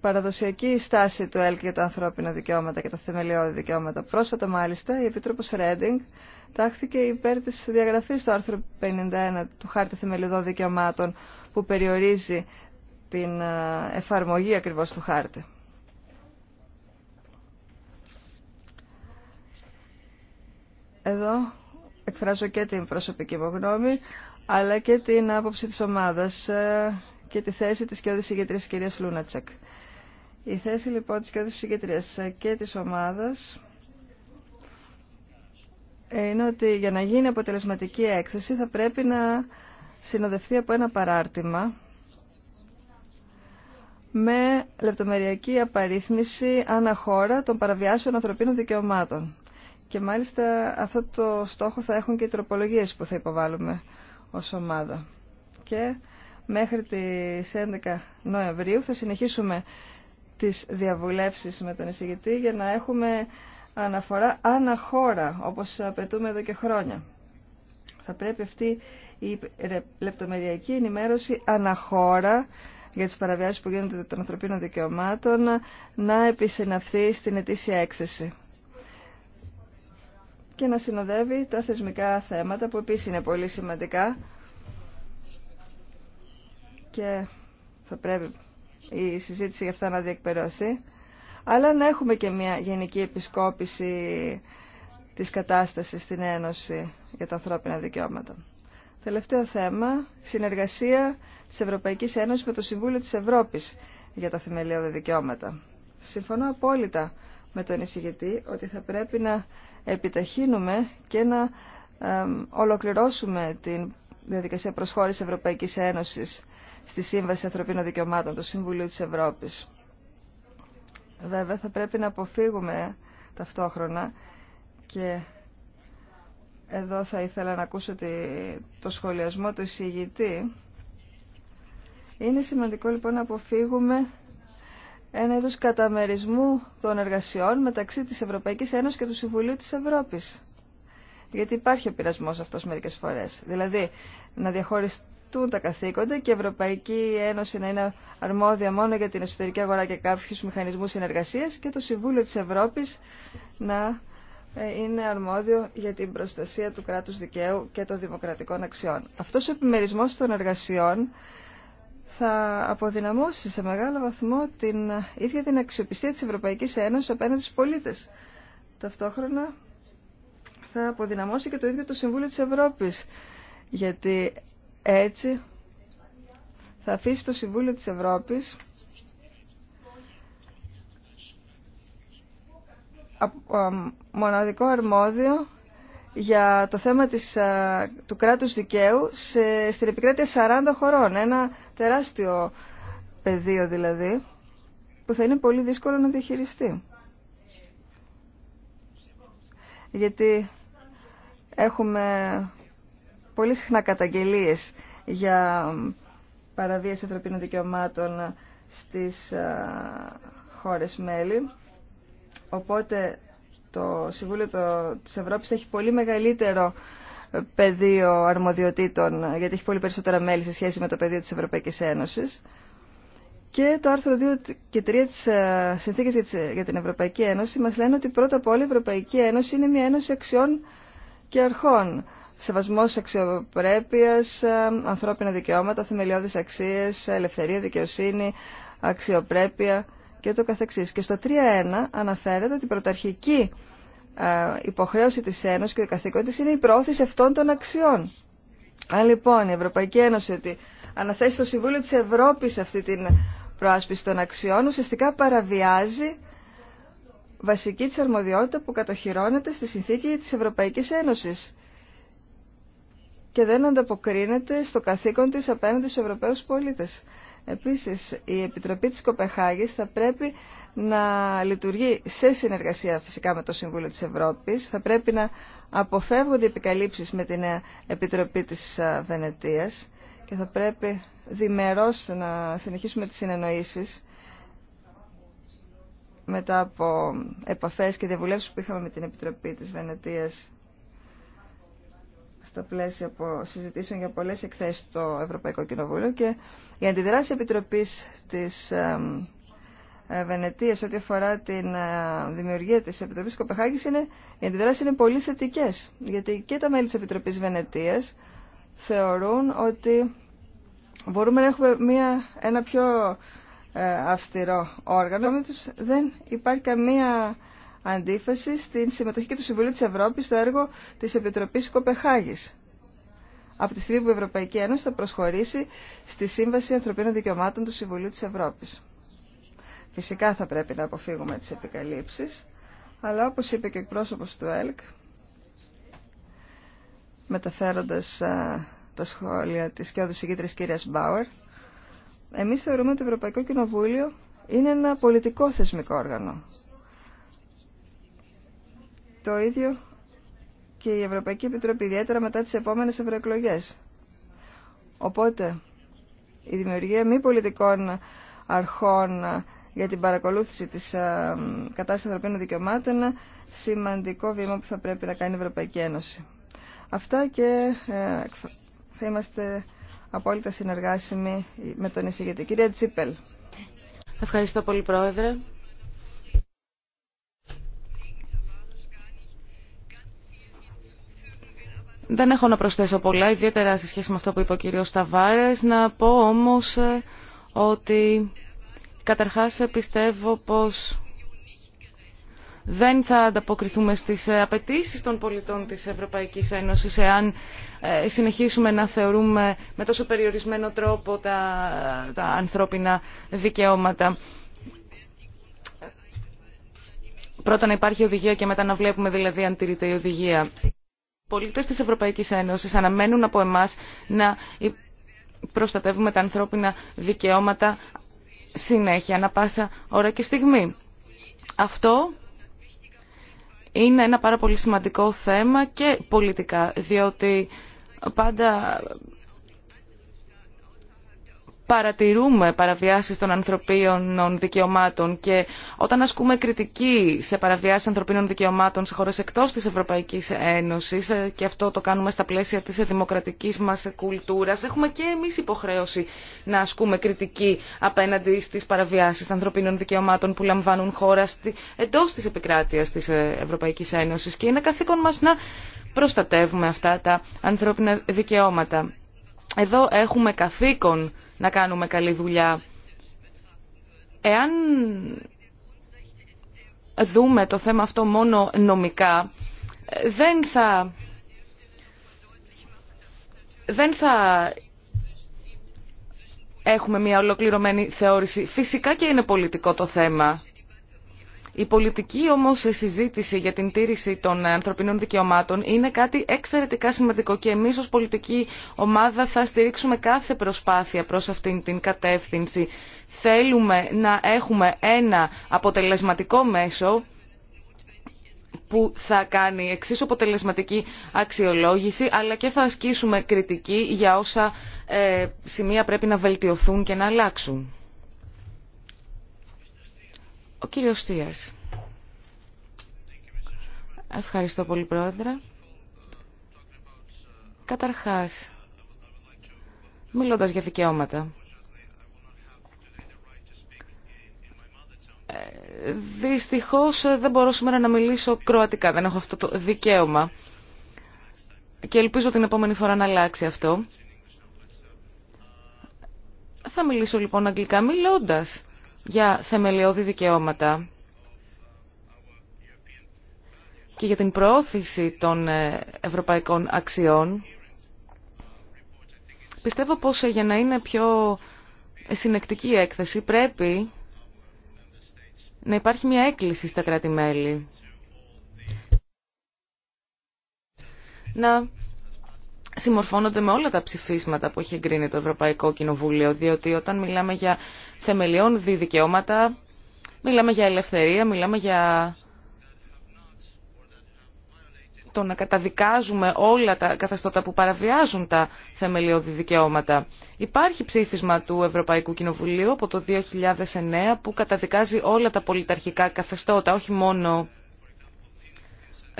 [SPEAKER 2] παραδοσιακή στάση του ΕΛΚ για τα ανθρώπινα δικαιώματα και τα θεμελιώδη δικαιώματα. Πρόσφατα μάλιστα η Επίτροπος Ρέντινγκ τάχθηκε υπέρ της διαγραφής του άρθρου 51 του Χάρτη Θεμελιωδών Δικαιωμάτων που περιορίζει την ε, εφαρμογή ακριβώς του χάρτη. Εδώ εκφράζω και την προσωπική μου γνώμη, αλλά και την άποψη της ομάδας ε, και τη θέση της κοιόδης ηγετρίας κυρίας Λούνατσεκ. Η θέση λοιπόν της κοιόδης ηγετρίας ε, και της ομάδας ε, είναι ότι για να γίνει αποτελεσματική έκθεση θα πρέπει να συνοδευτεί από ένα παράρτημα με λεπτομεριακή απαρίθμηση αναχώρα των παραβιάσεων ανθρωπίνων δικαιωμάτων. Και μάλιστα αυτό το στόχο θα έχουν και οι τροπολογίες που θα υποβάλουμε ως ομάδα. Και μέχρι τις 11 Νοεμβρίου θα συνεχίσουμε τις διαβουλεύσεις με τον εισηγητή για να έχουμε αναφορά αναχώρα, όπως απαιτούμε εδώ και χρόνια. Θα πρέπει αυτή η λεπτομεριακή ενημέρωση αναχώρα για τις παραβιάσεις που γίνονται των ανθρωπίνων δικαιωμάτων να επισυναυθεί στην ετήσια έκθεση και να συνοδεύει τα θεσμικά θέματα που επίσης είναι πολύ σημαντικά και θα πρέπει η συζήτηση για αυτά να διεκπαιρεωθεί αλλά να έχουμε και μια γενική επισκόπηση της κατάστασης στην Ένωση για τα ανθρώπινα δικαιώματα. Τελευταίο θέμα, συνεργασία της Ευρωπαϊκής Ένωσης με το Συμβούλιο της Ευρώπης για τα θεμελιώδη δικαιώματα. Συμφωνώ απόλυτα με τον εισηγητή ότι θα πρέπει να επιταχύνουμε και να ολοκληρώσουμε την διαδικασία προσχώρησης Ευρωπαϊκής Ένωση στη Σύμβαση Ανθρωπίνων Δικαιωμάτων του Συμβουλίου της Ευρώπης. Βέβαια, θα πρέπει να αποφύγουμε ταυτόχρονα και εδώ θα ήθελα να ακούσω το σχολιασμό του εισηγητή. Είναι σημαντικό λοιπόν να αποφύγουμε ένα είδο καταμερισμού των εργασιών μεταξύ της Ευρωπαϊκής Ένωσης και του Συμβουλίου της Ευρώπης. Γιατί υπάρχει ο πειρασμό αυτός μερικές φορές. Δηλαδή, να διαχωριστούν τα καθήκοντα και η Ευρωπαϊκή Ένωση να είναι αρμόδια μόνο για την εσωτερική αγορά και κάποιους μηχανισμούς συνεργασίας και το Συμβούλιο της Ευρώπης να ε, είναι αρμόδιο για την προστασία του κράτους δικαίου και των δημοκρατικών αξιών. Αυτός ο επιμερισμός των εργασιών θα αποδυναμώσει σε μεγάλο βαθμό την ίδια την αξιοπιστία της Ευρωπαϊκής Ένωσης απέναντι στους πολίτες. Ταυτόχρονα θα αποδυναμώσει και το ίδιο το Συμβούλιο της Ευρώπης, γιατί έτσι θα αφήσει το Συμβούλιο της Ευρώπης μοναδικό αρμόδιο για το θέμα της, του κράτους δικαίου σε, στην επικράτεια 40 χωρών. Ένα τεράστιο πεδίο δηλαδή, που θα είναι πολύ δύσκολο να διαχειριστεί. Γιατί έχουμε πολύ συχνά καταγγελίες για παραβίαση ανθρωπίνων δικαιωμάτων στις χώρες μέλη. Οπότε το Συμβούλιο της Ευρώπης έχει πολύ μεγαλύτερο πεδίο αρμοδιοτήτων, γιατί έχει πολύ περισσότερα μέλη σε σχέση με το πεδίο της Ευρωπαϊκής Ένωσης. Και το άρθρο 2 και 3 της ε, Συνθήκης για την Ευρωπαϊκή Ένωση μας λένε ότι πρώτα απ' όλα η Ευρωπαϊκή Ένωση είναι μια ένωση αξιών και αρχών. Σεβασμός αξιοπρέπειας, ε, ανθρώπινα δικαιώματα, θεμελιώδεις αξίες, ελευθερία, δικαιοσύνη, αξιοπρέπεια και το καθεξής. Και στο 3.1 αναφέρεται ότι η πρωταρχική υποχρέωση της Ένωσης και η καθήκον της είναι η προώθηση αυτών των αξιών. Αν λοιπόν η Ευρωπαϊκή Ένωση ότι αναθέσει το Συμβούλιο της Ευρώπης αυτή την προάσπιση των αξιών, ουσιαστικά παραβιάζει βασική της αρμοδιότητα που κατοχυρώνεται στη συνθήκη της Ευρωπαϊκής Ένωσης και δεν ανταποκρίνεται στο καθήκον της απέναντι στους Ευρωπαίους πολίτες. Επίσης, η Επιτροπή της Κοπεχάγης θα πρέπει να λειτουργεί σε συνεργασία φυσικά με το Συμβούλιο της Ευρώπης. Θα πρέπει να αποφεύγονται επικαλύψεις με την Επιτροπή της Βενετίας και θα πρέπει διμερώς να συνεχίσουμε τις συνεννοήσεις μετά από επαφές και διαβουλεύσεις που είχαμε με την Επιτροπή της Βενετίας στα πλαίσια από συζητήσεων για πολλές εκθέσεις στο Ευρωπαϊκό Κοινοβούλιο και η αντιδράση Επιτροπής της ε, Βενετίας ό,τι αφορά την ε, δημιουργία της Επιτροπής Κοπεχάγης είναι, οι αντιδράσεις είναι πολύ θετικές γιατί και τα μέλη της Επιτροπής Βενετίας θεωρούν ότι μπορούμε να έχουμε μια, ένα πιο ε, αυστηρό όργανο. δεν υπάρχει καμία αντίφαση στην συμμετοχή και του Συμβουλίου της Ευρώπης στο έργο της Επιτροπής Κοπεχάγης. Από τη στιγμή που η Ευρωπαϊκή Ένωση θα προσχωρήσει στη Σύμβαση Ανθρωπίνων Δικαιωμάτων του Συμβουλίου της Ευρώπης. Φυσικά θα πρέπει να αποφύγουμε τις επικαλύψεις, αλλά όπως είπε και ο εκπρόσωπος του ΕΛΚ, μεταφέροντας τα σχόλια της και οδησηγήτρης κυρίας Μπάουερ, εμείς θεωρούμε ότι το Ευρωπαϊκό Κοινοβούλιο είναι ένα πολιτικό θεσμικό όργανο το ίδιο και η Ευρωπαϊκή Επιτροπή, ιδιαίτερα μετά τις επόμενες ευρωεκλογέ. Οπότε, η δημιουργία μη πολιτικών αρχών για την παρακολούθηση της ε, κατάστασης ανθρωπίνων δικαιωμάτων είναι σημαντικό βήμα που θα πρέπει να κάνει η Ευρωπαϊκή Ένωση. Αυτά και ε, θα είμαστε απόλυτα συνεργάσιμοι με τον εισηγητή. Κυρία Τσίπελ. Ευχαριστώ πολύ, Πρόεδρε.
[SPEAKER 4] Δεν έχω να προσθέσω πολλά, ιδιαίτερα σε σχέση με αυτό που είπε ο κύριος Σταβάρες. Να πω όμως ε, ότι καταρχάς πιστεύω πως δεν θα ανταποκριθούμε στις ε, απαιτήσει των πολιτών της Ευρωπαϊκής Ένωσης εάν ε, συνεχίσουμε να θεωρούμε με τόσο περιορισμένο τρόπο τα, τα ανθρώπινα δικαιώματα. Πρώτα να υπάρχει οδηγία και μετά να βλέπουμε δηλαδή αν τηρείται η οδηγία πολίτες της Ευρωπαϊκής Ένωσης αναμένουν από εμάς να προστατεύουμε τα ανθρώπινα δικαιώματα συνέχεια, ανα πάσα ώρα και στιγμή. Αυτό είναι ένα πάρα πολύ σημαντικό θέμα και πολιτικά, διότι πάντα παρατηρούμε παραβιάσεις των ανθρωπίνων δικαιωμάτων και όταν ασκούμε κριτική σε παραβιάσεις ανθρωπίνων δικαιωμάτων σε χώρες εκτός της Ευρωπαϊκής Ένωσης ε, και αυτό το κάνουμε στα πλαίσια της δημοκρατικής μας κουλτούρας, έχουμε και εμείς υποχρέωση να ασκούμε κριτική απέναντι στις παραβιάσεις ανθρωπίνων δικαιωμάτων που λαμβάνουν χώρα εντός της επικράτειας της ε, Ευρωπαϊκής Ένωσης και είναι καθήκον μας να προστατεύουμε αυτά τα ανθρώπινα δικαιώματα εδώ έχουμε καθήκον να κάνουμε καλή δουλειά. Εάν δούμε το θέμα αυτό μόνο νομικά, δεν θα, δεν θα έχουμε μια ολοκληρωμένη θεώρηση. Φυσικά και είναι πολιτικό το θέμα. Η πολιτική όμως συζήτηση για την τήρηση των ε, ανθρωπινών δικαιωμάτων είναι κάτι εξαιρετικά σημαντικό και εμείς ως πολιτική ομάδα θα στηρίξουμε κάθε προσπάθεια προς αυτήν την κατεύθυνση. Θέλουμε να έχουμε ένα αποτελεσματικό μέσο που θα κάνει εξίσου αποτελεσματική αξιολόγηση αλλά και θα ασκήσουμε κριτική για όσα ε, σημεία πρέπει να βελτιωθούν και να αλλάξουν. Ο κύριος Στίας. Ευχαριστώ πολύ, Πρόεδρε. Καταρχάς, μιλώντας για δικαιώματα, ε, δυστυχώς ε, δεν μπορώ σήμερα να μιλήσω κροατικά, δεν έχω αυτό το δικαίωμα. Και ελπίζω την επόμενη φορά να αλλάξει αυτό. Θα μιλήσω λοιπόν αγγλικά μιλώντας για θεμελιώδη δικαιώματα και για την προώθηση των ε, ευρωπαϊκών αξιών, πιστεύω πως ε, για να είναι πιο ε, συνεκτική η έκθεση πρέπει να υπάρχει μια έκκληση στα κράτη-μέλη. Να συμμορφώνονται με όλα τα ψηφίσματα που έχει εγκρίνει το Ευρωπαϊκό Κοινοβούλιο, διότι όταν μιλάμε για θεμελιών δικαιώματα, μιλάμε για ελευθερία, μιλάμε για το να καταδικάζουμε όλα τα καθεστώτα που παραβιάζουν τα θεμελιώδη δικαιώματα. Υπάρχει ψήφισμα του Ευρωπαϊκού Κοινοβουλίου από το 2009 που καταδικάζει όλα τα πολιταρχικά καθεστώτα, όχι μόνο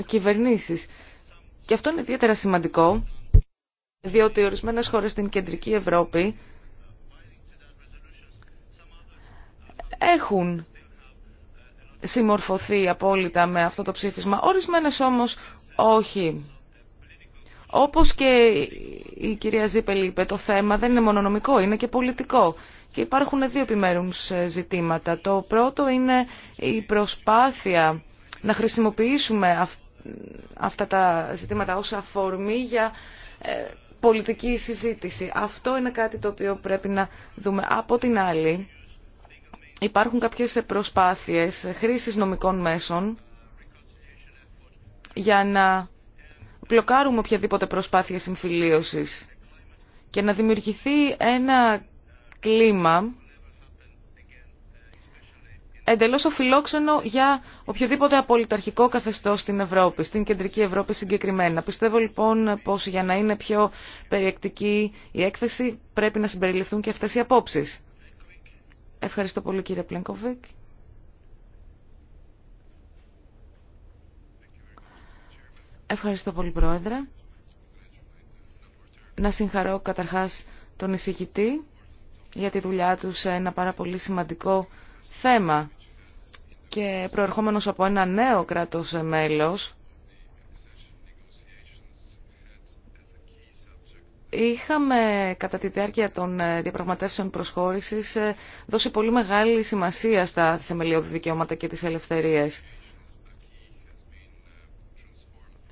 [SPEAKER 4] κυβερνήσεις. Και αυτό είναι ιδιαίτερα σημαντικό, διότι ορισμένες χώρες στην κεντρική Ευρώπη έχουν συμμορφωθεί απόλυτα με αυτό το ψήφισμα, ορισμένες όμως όχι. Όπως και η κυρία Ζήπελη είπε, το θέμα δεν είναι μονονομικό, είναι και πολιτικό. Και υπάρχουν δύο επιμέρους ε, ζητήματα. Το πρώτο είναι η προσπάθεια να χρησιμοποιήσουμε αυτά τα ζητήματα ως αφορμή για ε, πολιτική συζήτηση. Αυτό είναι κάτι το οποίο πρέπει να δούμε. Από την άλλη, υπάρχουν κάποιες προσπάθειες χρήσης νομικών μέσων για να πλοκάρουμε οποιαδήποτε προσπάθεια συμφιλίωσης και να δημιουργηθεί ένα κλίμα εντελώς φιλόξενο για οποιοδήποτε απολυταρχικό καθεστώς στην Ευρώπη, στην κεντρική Ευρώπη συγκεκριμένα. Πιστεύω λοιπόν πως για να είναι πιο περιεκτική η έκθεση πρέπει να συμπεριληφθούν και αυτέ οι απόψει. Ευχαριστώ πολύ κύριε Πλένκοβικ. Ευχαριστώ πολύ Πρόεδρε. Να συγχαρώ καταρχάς τον εισηγητή για τη δουλειά του σε ένα πάρα πολύ σημαντικό θέμα και προερχόμενος από ένα νέο κράτος μέλος, είχαμε κατά τη διάρκεια των ε, διαπραγματεύσεων προσχώρησης ε, δώσει πολύ μεγάλη σημασία στα θεμελιώδη δικαιώματα και τις ελευθερίες.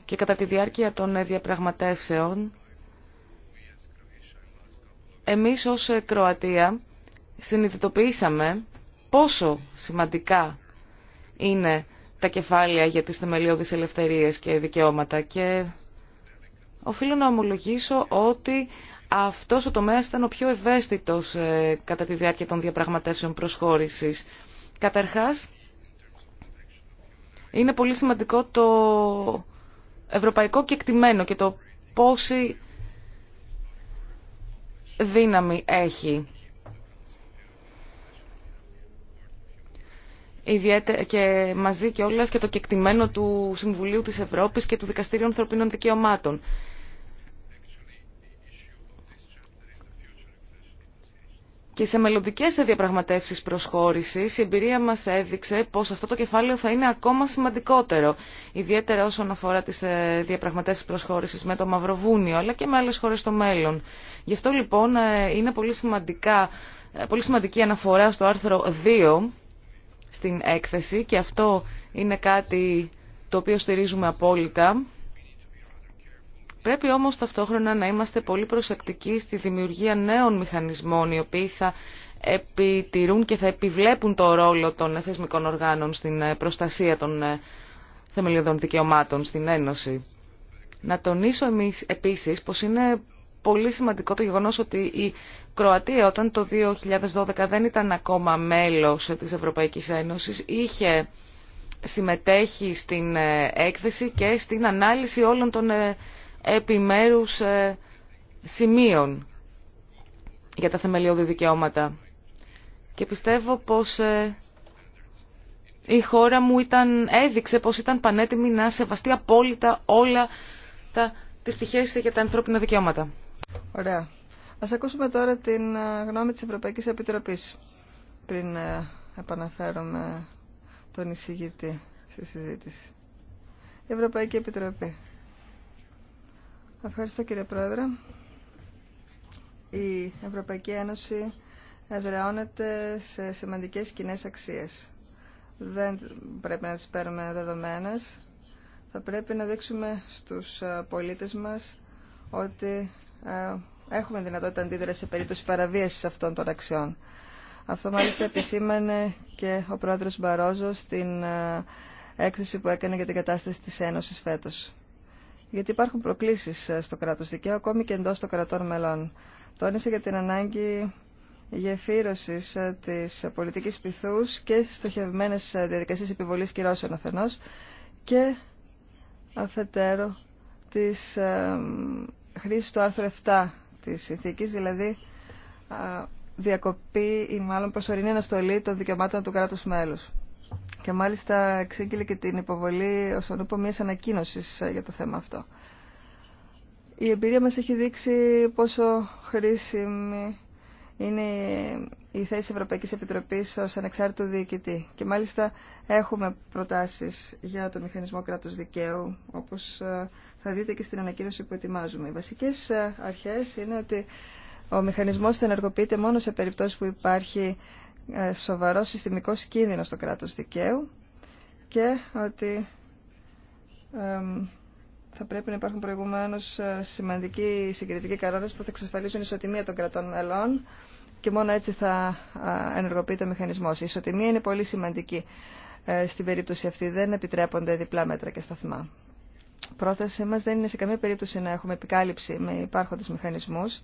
[SPEAKER 4] Και κατά τη διάρκεια των ε, διαπραγματεύσεων, εμείς ως Κροατία συνειδητοποιήσαμε πόσο σημαντικά είναι τα κεφάλαια για τις θεμελιώδεις ελευθερίες και δικαιώματα και οφείλω να ομολογήσω ότι αυτός ο τομέας ήταν ο πιο ευαίσθητος ε, κατά τη διάρκεια των διαπραγματεύσεων προσχώρησης. Καταρχάς, είναι πολύ σημαντικό το ευρωπαϊκό κεκτημένο και το πόση δύναμη έχει. και μαζί και όλας και το κεκτημένο του Συμβουλίου της Ευρώπης και του Δικαστηρίου Ανθρωπίνων Δικαιωμάτων. Και σε μελλοντικέ διαπραγματεύσει προσχώρηση, η εμπειρία μα έδειξε πω αυτό το κεφάλαιο θα είναι ακόμα σημαντικότερο. Ιδιαίτερα όσον αφορά τι ε, διαπραγματεύσει προσχώρηση με το Μαυροβούνιο, αλλά και με άλλε χώρε στο μέλλον. Γι' αυτό λοιπόν ε, είναι πολύ, ε, πολύ σημαντική αναφορά στο άρθρο 2 στην έκθεση και αυτό είναι κάτι το οποίο στηρίζουμε απόλυτα. Πρέπει όμως ταυτόχρονα να είμαστε πολύ προσεκτικοί στη δημιουργία νέων μηχανισμών οι οποίοι θα επιτηρούν και θα επιβλέπουν το ρόλο των θεσμικών οργάνων στην ε, προστασία των ε, θεμελιωδών δικαιωμάτων στην Ένωση. Να τονίσω εμείς επίσης πως είναι πολύ σημαντικό το γεγονός ότι η Κροατία όταν το 2012 δεν ήταν ακόμα μέλος της Ευρωπαϊκής Ένωσης είχε συμμετέχει στην ε, έκθεση και στην ανάλυση όλων των ε, επιμέρους ε, σημείων για τα θεμελιώδη δικαιώματα. Και πιστεύω πως η χώρα μου ήταν, έδειξε πως ήταν πανέτοιμη να
[SPEAKER 2] σεβαστεί απόλυτα όλα τα, τις πτυχές για τα ανθρώπινα δικαιώματα. Ωραία. Ας ακούσουμε τώρα την ε, γνώμη της Ευρωπαϊκής Επιτροπής πριν ε, επαναφέρομαι τον εισηγητή στη συζήτηση. Η Ευρωπαϊκή Επιτροπή. Ευχαριστώ κύριε Πρόεδρε. Η Ευρωπαϊκή Ένωση εδραιώνεται σε σημαντικές κοινέ αξίες. Δεν πρέπει να τις παίρνουμε δεδομένες. Θα πρέπει να δείξουμε στους ε, πολίτες μας ότι ε, έχουμε δυνατότητα αντίδραση σε περίπτωση παραβίασης αυτών των αξιών. Αυτό μάλιστα επισήμανε και ο πρόεδρος Μπαρόζο στην ε, έκθεση που έκανε για την κατάσταση της Ένωσης φέτος. Γιατί υπάρχουν προκλήσεις ε, στο κράτος δικαίου, ακόμη και εντός των κρατών μελών. Τόνισε για την ανάγκη γεφύρωσης της πολιτικής πυθούς και στις στοχευμένες διαδικασίες επιβολής κυρώσεων αφενός και αφετέρου της χρήση του άρθρου 7 της συνθήκης, δηλαδή διακοπή ή μάλλον προσωρινή αναστολή των δικαιωμάτων του κράτους μέλους. Και μάλιστα εξήγηλε και την υποβολή όσον είπα μιας ανακοίνωσης ε, για το θέμα αυτό. Η εμπειρία μας έχει δείξει πόσο χρήσιμη είναι η θέση Ευρωπαϊκής Επιτροπής ως ανεξάρτητο διοικητή. Και μάλιστα έχουμε προτάσεις για το μηχανισμό κράτους δικαίου, όπως ε, θα δείτε και στην ανακοίνωση που ετοιμάζουμε. Οι βασικές ε, αρχές είναι ότι ο μηχανισμός θα ενεργοποιείται μόνο σε περιπτώσεις που υπάρχει ε, σοβαρό συστημικό κίνδυνο στο κράτος δικαίου και ότι θα πρέπει να υπάρχουν προηγουμένως σημαντικοί συγκριτικοί κανόνες που θα εξασφαλίσουν ισοτιμία των κρατών μελών και μόνο έτσι θα ενεργοποιείται ο μηχανισμός. Η ισοτιμία είναι πολύ σημαντική ε, στην περίπτωση αυτή. Δεν επιτρέπονται διπλά μέτρα και σταθμά. Πρόθεσή μας δεν είναι σε καμία περίπτωση να έχουμε επικάλυψη με υπάρχοντες μηχανισμούς,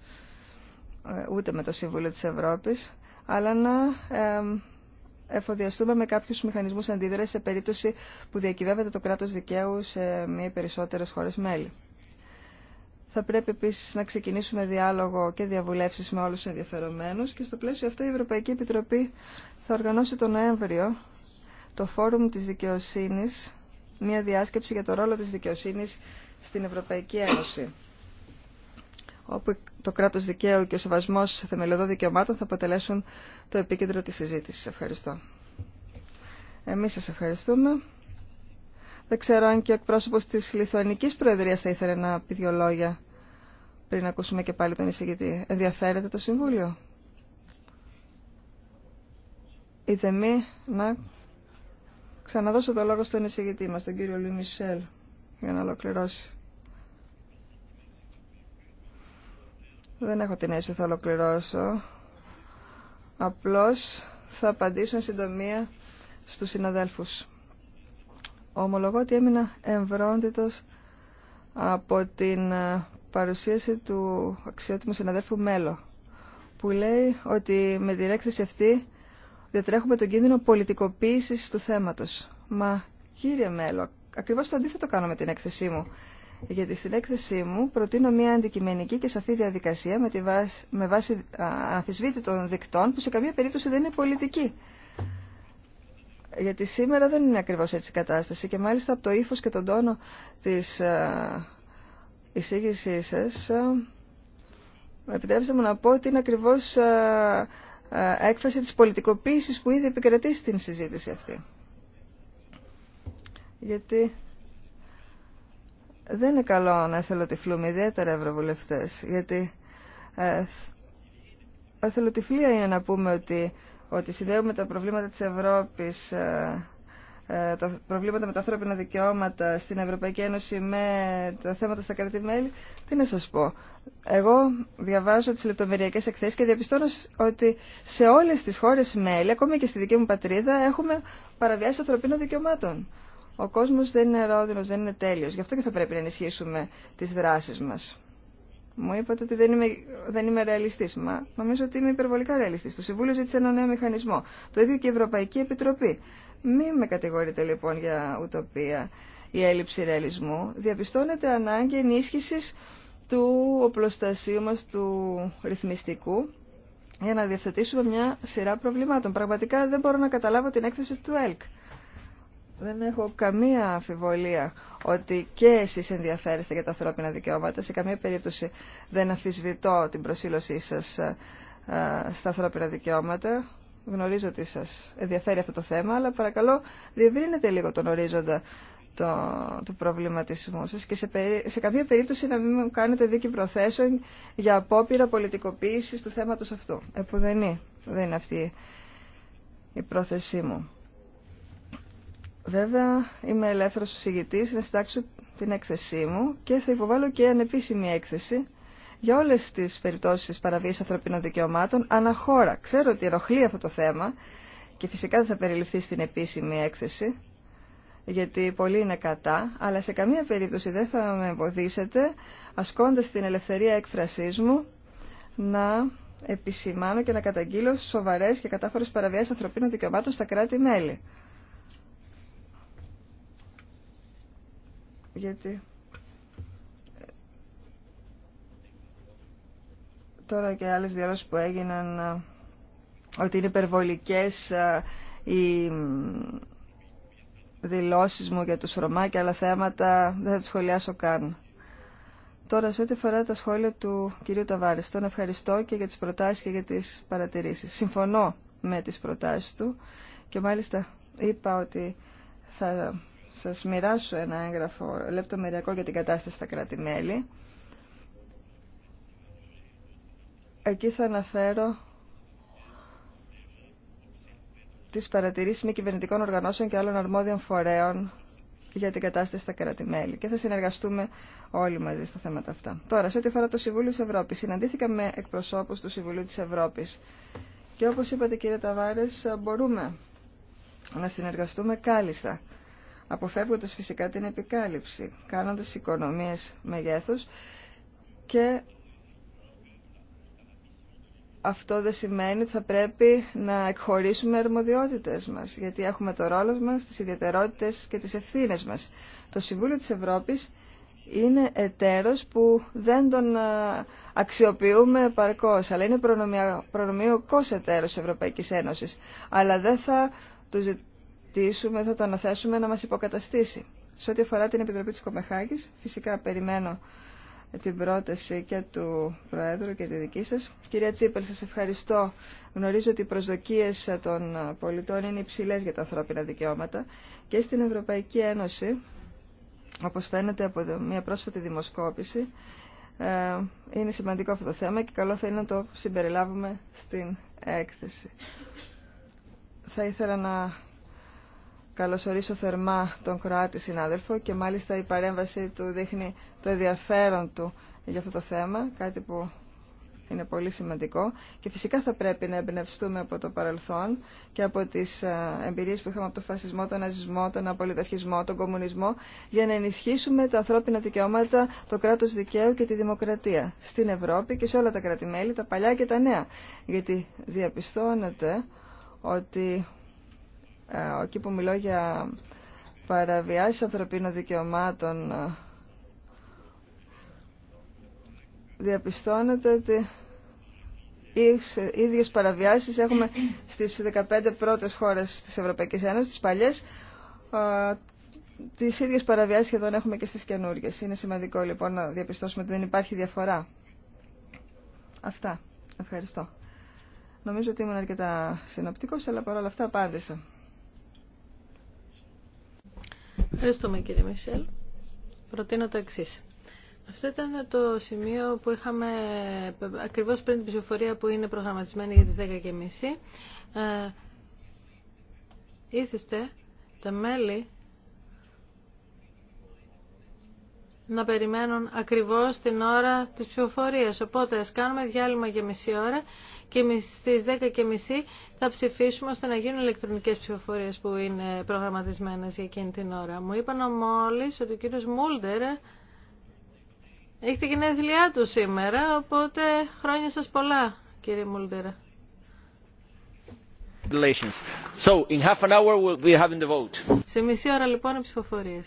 [SPEAKER 2] ε, ούτε με το Σύμβουλο της Ευρώπης, αλλά να εφοδιαστούμε με κάποιους μηχανισμούς αντίδρασης σε περίπτωση που διακυβεύεται το κράτος δικαίου σε μία περισσότερες χώρες μέλη. Θα πρέπει επίση να ξεκινήσουμε διάλογο και διαβουλεύσεις με όλους του ενδιαφερομένους και στο πλαίσιο αυτό η Ευρωπαϊκή Επιτροπή θα οργανώσει τον Νοέμβριο το Φόρουμ τη Δικαιοσύνης, μια διάσκεψη για το ρόλο της δικαιοσύνης στην Ευρωπαϊκή Ένωση όπου το κράτος δικαίου και ο σεβασμός θεμελιωδών δικαιωμάτων θα αποτελέσουν το επίκεντρο τη συζήτηση. Ευχαριστώ. Εμείς σας ευχαριστούμε. Δεν ξέρω αν και ο εκπρόσωπος της Λιθουανικής Προεδρίας θα ήθελε να πει δυο λόγια πριν ακούσουμε και πάλι τον εισηγητή. Ενδιαφέρεται το Συμβούλιο. Είδε μη να ξαναδώσω το λόγο στον εισηγητή μας, τον κύριο Λουί για να ολοκληρώσει. Δεν έχω την αίσθηση θα ολοκληρώσω. Απλώς θα απαντήσω εν συντομία στους συναδέλφους. Ομολογώ ότι έμεινα εμβρόντιτος από την ε, παρουσίαση του αξιότιμου συναδέλφου Μέλο, που λέει ότι με την έκθεση αυτή διατρέχουμε τον κίνδυνο πολιτικοποίησης του θέματος. Μα κύριε Μέλο, ακριβώς το αντίθετο κάνω με την έκθεσή μου. Γιατί στην έκθεσή μου προτείνω μια αντικειμενική και σαφή διαδικασία με, τη βάση, με βάση δικτών που σε καμία περίπτωση δεν είναι πολιτική γιατί σήμερα δεν είναι ακριβώς έτσι η κατάσταση και μάλιστα από το ύφος και τον τόνο της ε, εισήγησή σας ε, επιτρέψτε μου να πω ότι είναι ακριβώς ε, έκφραση της πολιτικοποίησης που ήδη επικρατεί στην συζήτηση αυτή. Γιατί δεν είναι καλό να εθελοτυφλούμε ιδιαίτερα ευρωβουλευτές, γιατί εθελοτυφλία είναι να πούμε ότι ότι συνδέουμε τα προβλήματα της Ευρώπης, ε, ε, τα προβλήματα με τα ανθρώπινα δικαιώματα στην Ευρωπαϊκή Ένωση με τα θέματα στα κράτη-μέλη, τι να σας πω. Εγώ διαβάζω τις λεπτομεριακές εκθέσεις και διαπιστώνω ότι σε όλες τις χώρες μέλη, ακόμη και στη δική μου πατρίδα, έχουμε παραβιάσει ανθρωπίνων δικαιωμάτων. Ο κόσμος δεν είναι ρόδινος, δεν είναι τέλειος. Γι' αυτό και θα πρέπει να ενισχύσουμε τις δράσεις μας. Μου είπατε ότι δεν είμαι, δεν είμαι ρεαλιστής. Μα νομίζω ότι είμαι υπερβολικά ρεαλιστής. Το Συμβούλιο ζήτησε ένα νέο μηχανισμό. Το ίδιο και η Ευρωπαϊκή Επιτροπή. Μην με κατηγορείτε λοιπόν για ουτοπία ή έλλειψη ρεαλισμού. Διαπιστώνεται ανάγκη ενίσχυση του οπλοστασίου μας, του ρυθμιστικού, για να διαθετήσουμε μια σειρά προβλημάτων. Πραγματικά δεν μπορώ να καταλάβω την έκθεση του ΕΛΚ. Δεν έχω καμία αμφιβολία ότι και εσείς ενδιαφέρεστε για τα ανθρώπινα δικαιώματα. Σε καμία περίπτωση δεν αφισβητώ την προσήλωσή σας ε, ε, στα ανθρώπινα δικαιώματα. Γνωρίζω ότι σας ενδιαφέρει αυτό το θέμα, αλλά παρακαλώ διευρύνετε λίγο τον ορίζοντα το, του προβληματισμού σας και σε, σε καμία περίπτωση να μην κάνετε δίκη προθέσεων για απόπειρα πολιτικοποίησης του θέματος αυτού. Επουδενή δεν είναι αυτή η πρόθεσή μου. Βέβαια, είμαι ελεύθερος συζητητής να συντάξω την έκθεσή μου και θα υποβάλω και ανεπίσημη έκθεση για όλες τις περιπτώσεις παραβίασης ανθρωπίνων δικαιωμάτων αναχώρα. Ξέρω ότι ενοχλεί αυτό το θέμα και φυσικά δεν θα περιληφθεί στην επίσημη έκθεση γιατί πολλοί είναι κατά, αλλά σε καμία περίπτωση δεν θα με εμποδίσετε ασκώντας την ελευθερία έκφρασής μου να επισημάνω και να καταγγείλω σοβαρές και κατάφορες παραβιάσεις ανθρωπίνων δικαιωμάτων στα κράτη-μέλη. γιατί ε, τώρα και άλλες διαρρώσεις που έγιναν ε, ότι είναι υπερβολικές ε, οι δηλώσεις μου για τους Ρωμά και άλλα θέματα δεν θα τις σχολιάσω καν. Τώρα, σε ό,τι αφορά τα σχόλια του κυρίου Ταβάρη, τον ευχαριστώ και για τις προτάσεις και για τις παρατηρήσεις. Συμφωνώ με τις προτάσεις του και μάλιστα είπα ότι θα σας μοιράσω ένα έγγραφο λεπτομεριακό για την κατάσταση στα κράτη-μέλη. Εκεί θα αναφέρω τις παρατηρήσεις με κυβερνητικών οργανώσεων και άλλων αρμόδιων φορέων για την κατάσταση στα κράτη-μέλη και θα συνεργαστούμε όλοι μαζί στα θέματα αυτά. Τώρα, σε ό,τι αφορά το Συμβούλιο της Ευρώπης, συναντήθηκα με εκπροσώπους του Συμβουλίου της Ευρώπης και όπως είπατε κύριε Ταβάρες, μπορούμε να συνεργαστούμε κάλλιστα αποφεύγοντας φυσικά την επικάλυψη, κάνοντας οικονομίες μεγέθους και αυτό δεν σημαίνει ότι θα πρέπει να εκχωρήσουμε αρμοδιότητες μας, γιατί έχουμε το ρόλο μας, τις ιδιαιτερότητες και τις ευθύνες μας. Το Συμβούλιο της Ευρώπης είναι εταίρος που δεν τον ε, αξιοποιούμε παρκώς, αλλά είναι προνομιακός εταίρος της Ευρωπαϊκής Ένωσης. Αλλά δεν θα του θα το αναθέσουμε να μας υποκαταστήσει. Σε ό,τι αφορά την Επιτροπή της Κομεχάκης, φυσικά περιμένω την πρόταση και του Προέδρου και τη δική σας. Κυρία Τσίπελ, σας ευχαριστώ. Γνωρίζω ότι οι προσδοκίες των πολιτών είναι υψηλές για τα ανθρώπινα δικαιώματα και στην Ευρωπαϊκή Ένωση, όπως φαίνεται από μια πρόσφατη δημοσκόπηση, ε, είναι σημαντικό αυτό το θέμα και καλό θα είναι να το συμπεριλάβουμε στην έκθεση. Θα ήθελα να καλωσορίσω θερμά τον Κροάτη συνάδελφο και μάλιστα η παρέμβαση του δείχνει το ενδιαφέρον του για αυτό το θέμα, κάτι που είναι πολύ σημαντικό και φυσικά θα πρέπει να εμπνευστούμε από το παρελθόν και από τις ε, εμπειρίες που είχαμε από τον φασισμό, τον ναζισμό, τον απολυταρχισμό, τον κομμουνισμό για να ενισχύσουμε τα ανθρώπινα δικαιώματα, το κράτος δικαίου και τη δημοκρατία στην Ευρώπη και σε όλα τα κράτη-μέλη, τα παλιά και τα νέα. Γιατί διαπιστώνεται ότι ε, εκεί που μιλώ για παραβιάσεις ανθρωπίνων δικαιωμάτων ε, διαπιστώνεται ότι οι ίδιες παραβιάσεις έχουμε στις 15 πρώτες χώρες της Ευρωπαϊκής Ένωσης, τις παλιές, ε, τις ίδιες παραβιάσεις σχεδόν έχουμε και στις καινούριε. Είναι σημαντικό λοιπόν να διαπιστώσουμε ότι δεν υπάρχει διαφορά. Αυτά. Ευχαριστώ. Νομίζω ότι ήμουν αρκετά συνοπτικός, αλλά παρόλα αυτά απάντησα. Ευχαριστούμε κύριε Μισελ.
[SPEAKER 3] Προτείνω το εξή. Αυτό ήταν το σημείο που είχαμε ακριβώς πριν την ψηφοφορία που είναι προγραμματισμένη για τις 10.30. Ε, ήθιστε τα μέλη να περιμένουν ακριβώς την ώρα της ψηφοφορίας. Οπότε ας κάνουμε διάλειμμα για μισή ώρα και στις 10.30 θα ψηφίσουμε ώστε να γίνουν ηλεκτρονικές ψηφοφορίες που είναι προγραμματισμένες για εκείνη την ώρα. Μου είπαν μόλις ότι ο κύριος Μούλτερ έχει τη γενέθλιά του σήμερα, οπότε χρόνια σας πολλά κύριε Μούλτερ.
[SPEAKER 1] So, in half an hour we'll be having the vote.
[SPEAKER 3] Σε μισή ώρα λοιπόν οι ψηφοφορίες.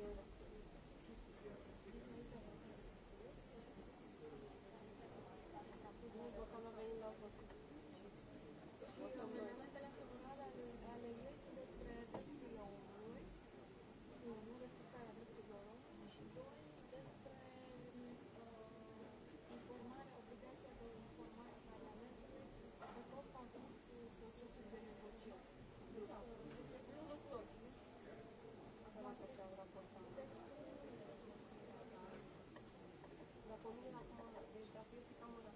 [SPEAKER 1] Thank you. πολύ δυνατό να ότι με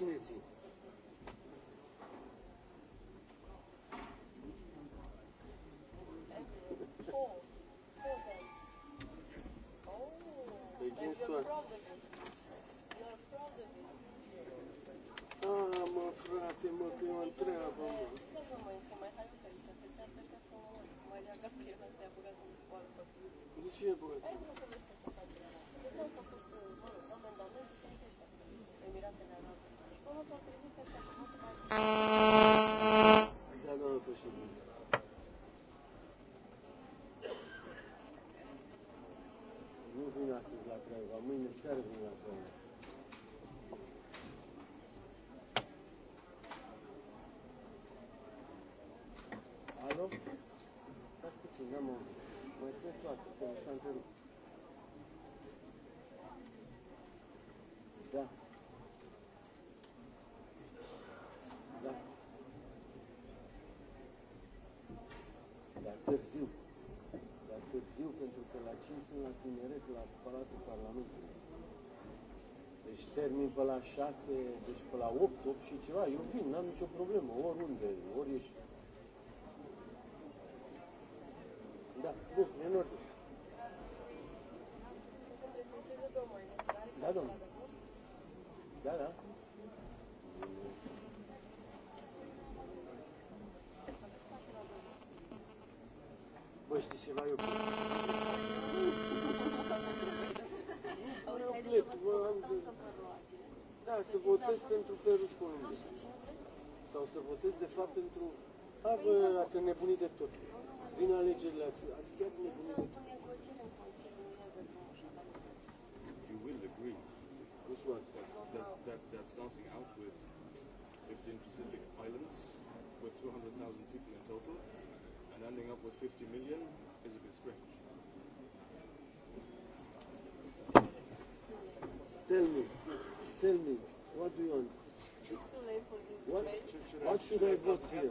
[SPEAKER 1] Cincinnati. They problem. έρευνα στις λατρεύω, μου είναι έρευνα τώρα. Άλλο, κάτι μου μας πες άκρο, σαν τέλος. Да. Да. Да, însă la tineret la Parlamentului. Deci termin pe la 6, deci pe la 8, 8 și ceva. Eu vin, n-am nicio problemă, oriunde, ori ești. Da, bun, e în ordine. chiar ați înnebunit de tot. Vin alegerile, ați, ați chiar înnebunit de tot. You will agree. This one. That's, that, that, that's starting out with 15 Pacific Islands with 200,000 people in total and ending up with 50 million is a bit strange. Tell me, tell me, what do you want? What, what should I vote here?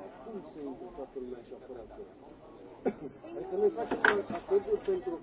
[SPEAKER 1] la cum și noi facem pentru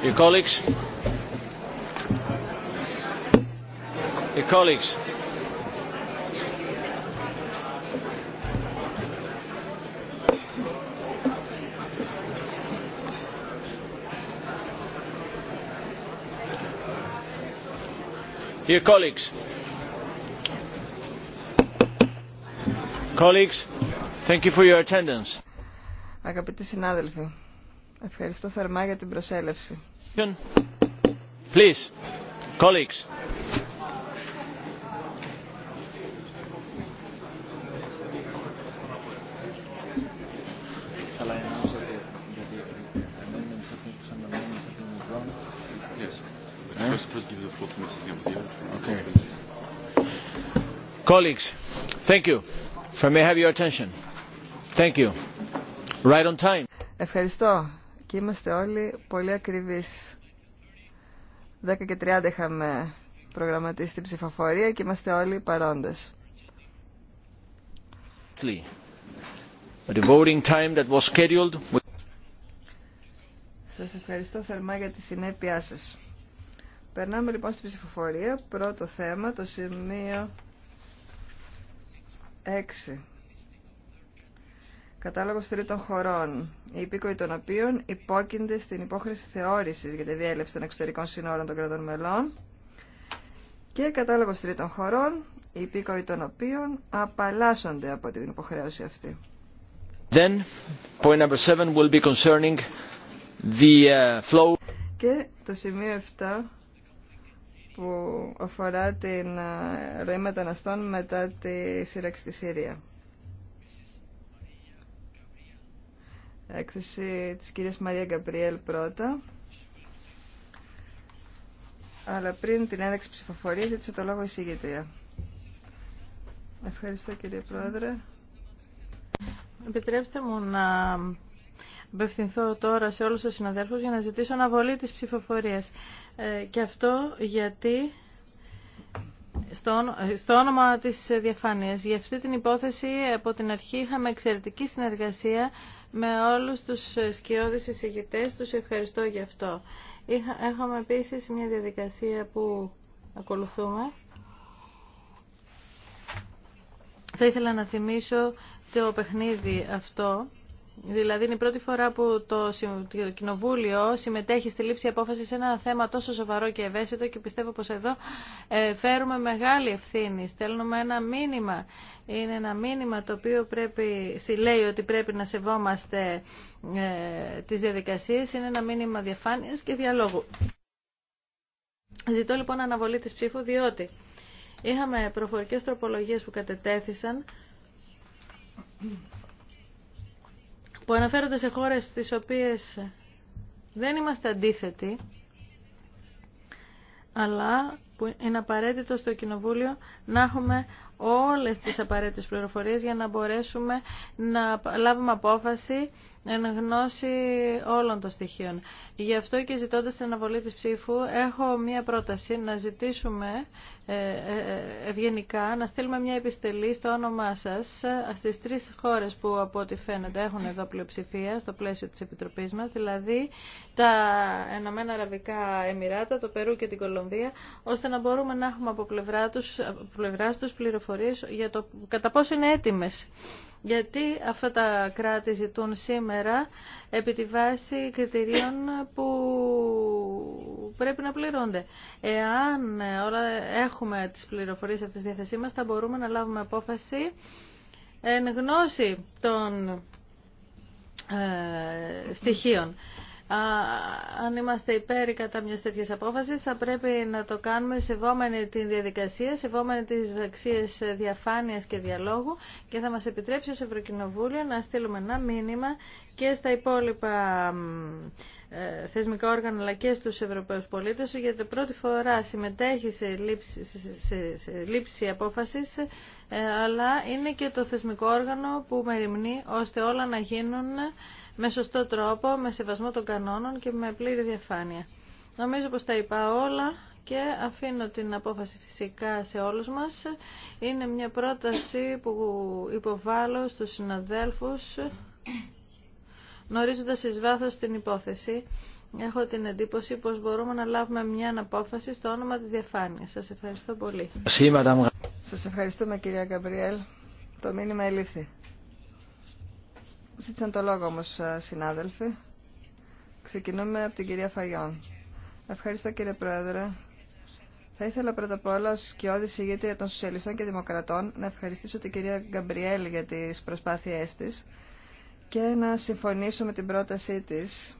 [SPEAKER 1] Your colleagues? Your colleagues? Dear colleagues? Colleagues, thank you for your attendance.
[SPEAKER 2] Αγαπητοί συνάδελφοι, ευχαριστώ θερμά για την προσέλευση question?
[SPEAKER 1] Please, colleagues. Colleagues, thank you. If I may have your attention. Thank you. Right on time.
[SPEAKER 2] Ευχαριστώ και είμαστε όλοι πολύ ακριβείς. 10 και 30 είχαμε προγραμματίσει την ψηφοφορία και είμαστε όλοι παρόντες. Σας ευχαριστώ θερμά για τη συνέπειά σας. Περνάμε λοιπόν στην ψηφοφορία. Πρώτο θέμα, το σημείο 6 κατάλογος τρίτων χωρών, οι υπήκοοι των οποίων υπόκεινται στην υπόχρηση θεώρησης για τη διέλευση των εξωτερικών συνόρων των κρατών μελών και κατάλογος τρίτων χωρών, οι υπήκοοι των οποίων απαλλάσσονται από την υποχρέωση αυτή. Then, point number seven will be concerning the uh, flow. Και το σημείο 7 που αφορά την ε, ροή μεταναστών μετά τη σύραξη στη Συρία. έκθεση της κυρίας Μαρία Γκαμπριέλ πρώτα. Αλλά πριν την έναξη ψηφοφορίας, ζήτησε το λόγο η Ευχαριστώ κύριε Πρόεδρε.
[SPEAKER 3] Επιτρέψτε μου να απευθυνθώ τώρα σε όλους τους συναδέλφους για να ζητήσω αναβολή της ψηφοφορίας. Ε, και αυτό γιατί στο, όνομα της διαφάνειας. Για αυτή την υπόθεση από την αρχή είχαμε εξαιρετική συνεργασία με όλους τους σκιώδεις εισηγητέ Τους ευχαριστώ γι' αυτό. Έχουμε επίσης μια διαδικασία που ακολουθούμε. Θα ήθελα να θυμίσω το παιχνίδι αυτό Δηλαδή είναι η πρώτη φορά που το Κοινοβούλιο συμμετέχει στη λήψη απόφαση σε ένα θέμα τόσο σοβαρό και ευαίσθητο και πιστεύω πως εδώ ε, φέρουμε μεγάλη ευθύνη. Στέλνουμε ένα μήνυμα. Είναι ένα μήνυμα το οποίο πρέπει, λέει ότι πρέπει να σεβόμαστε ε, τις διαδικασίες. Είναι ένα μήνυμα διαφάνειας και διαλόγου. Ζητώ λοιπόν αναβολή της ψήφου διότι είχαμε προφορικές τροπολογίες που κατετέθησαν που αναφέρονται σε χώρες στις οποίες δεν είμαστε αντίθετοι, αλλά που είναι απαραίτητο στο Κοινοβούλιο να έχουμε όλες τις απαραίτητες πληροφορίες για να μπορέσουμε να λάβουμε απόφαση εν γνώση όλων των στοιχείων. Γι' αυτό και ζητώντας την αναβολή της ψήφου έχω μία πρόταση να ζητήσουμε ε, ε, ε, ευγενικά να στείλουμε μια προταση να ζητησουμε ευγενικα να στειλουμε μια επιστελή στο όνομά σας στις τρεις χώρες που από ό,τι φαίνεται έχουν εδώ πλειοψηφία στο πλαίσιο της Επιτροπής μας, δηλαδή τα Ενωμένα Αραβικά Εμμυράτα, το Περού και την Κολομβία, ώστε να μπορούμε να έχουμε από πλευρά τους, από τους πληροφορίες για το κατά πόσο είναι έτοιμες. Γιατί αυτά τα κράτη ζητούν σήμερα επί τη βάση κριτηρίων που πρέπει να πληρούνται. Εάν όλα έχουμε τις πληροφορίες αυτές της διάθεσή μας, θα μπορούμε να λάβουμε απόφαση εν γνώση των ε, στοιχείων αν είμαστε υπέρ κατά μια τέτοια απόφαση, θα πρέπει να το κάνουμε σεβόμενη την διαδικασία, σεβόμενη τι αξίε διαφάνεια και διαλόγου και θα μα επιτρέψει ω Ευρωκοινοβούλιο να στείλουμε ένα μήνυμα και στα υπόλοιπα ε, θεσμικά όργανα αλλά και στου Ευρωπαίους πολίτες γιατί πρώτη φορά συμμετέχει σε λήψη, σε, ε, αλλά είναι και το θεσμικό όργανο που μεριμνεί ώστε όλα να γίνουν με σωστό τρόπο, με σεβασμό των κανόνων και με πλήρη διαφάνεια. Νομίζω πως τα είπα όλα και αφήνω την απόφαση φυσικά σε όλους μας. Είναι μια πρόταση που υποβάλλω στους συναδέλφους γνωρίζοντας εις βάθος την υπόθεση. Έχω την εντύπωση πως μπορούμε να λάβουμε μια αναπόφαση στο
[SPEAKER 2] όνομα της διαφάνειας. Σας ευχαριστώ πολύ. Σας ευχαριστούμε κυρία Γκαμπριέλ. Το μήνυμα ελήφθη. Ζήτησαν το λόγο όμως ε, συνάδελφοι. Ξεκινούμε από την κυρία Φαγιόν. Ευχαριστώ κύριε Πρόεδρε. Θα ήθελα πρώτα απ' όλα ως σκιώδης ηγήτρια των Σοσιαλιστών και Δημοκρατών να ευχαριστήσω την κυρία Γκαμπριέλ για τις προσπάθειές της και να συμφωνήσω με την πρότασή της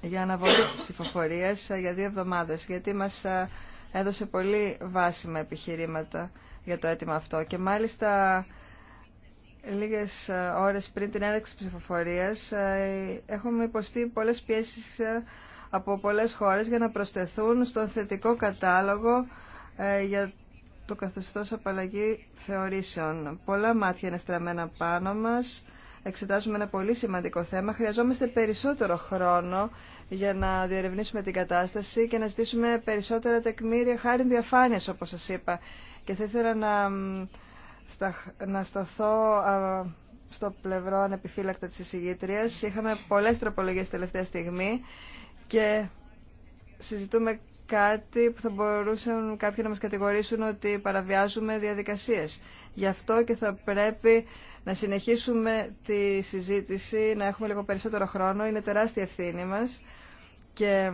[SPEAKER 2] για αναβολή της ψηφοφορίας ε, για δύο εβδομάδες γιατί μας ε, έδωσε πολύ βάσιμα επιχειρήματα για το αίτημα αυτό και μάλιστα λίγες ε, ώρες πριν την έναρξη ψηφοφορίας ε, έχουμε υποστεί πολλές πιέσεις ε, από πολλές χώρες για να προσθεθούν στον θετικό κατάλογο για το καθεστώς απαλλαγή θεωρήσεων. Πολλά μάτια είναι στραμμένα πάνω μας. Εξετάζουμε ένα πολύ σημαντικό θέμα. Χρειαζόμαστε περισσότερο χρόνο για να διερευνήσουμε την κατάσταση και να ζητήσουμε περισσότερα τεκμήρια χάρη διαφάνειας, όπως σας είπα. Και θα ήθελα να να σταθώ στο πλευρό ανεπιφύλακτα της εισηγήτριας. Είχαμε πολλές τροπολογίες τελευταία στιγμή και συζητούμε κάτι που θα μπορούσαν κάποιοι να μας κατηγορήσουν ότι παραβιάζουμε διαδικασίες. Γι' αυτό και θα πρέπει να συνεχίσουμε τη συζήτηση, να έχουμε λίγο περισσότερο χρόνο. Είναι τεράστια ευθύνη μας και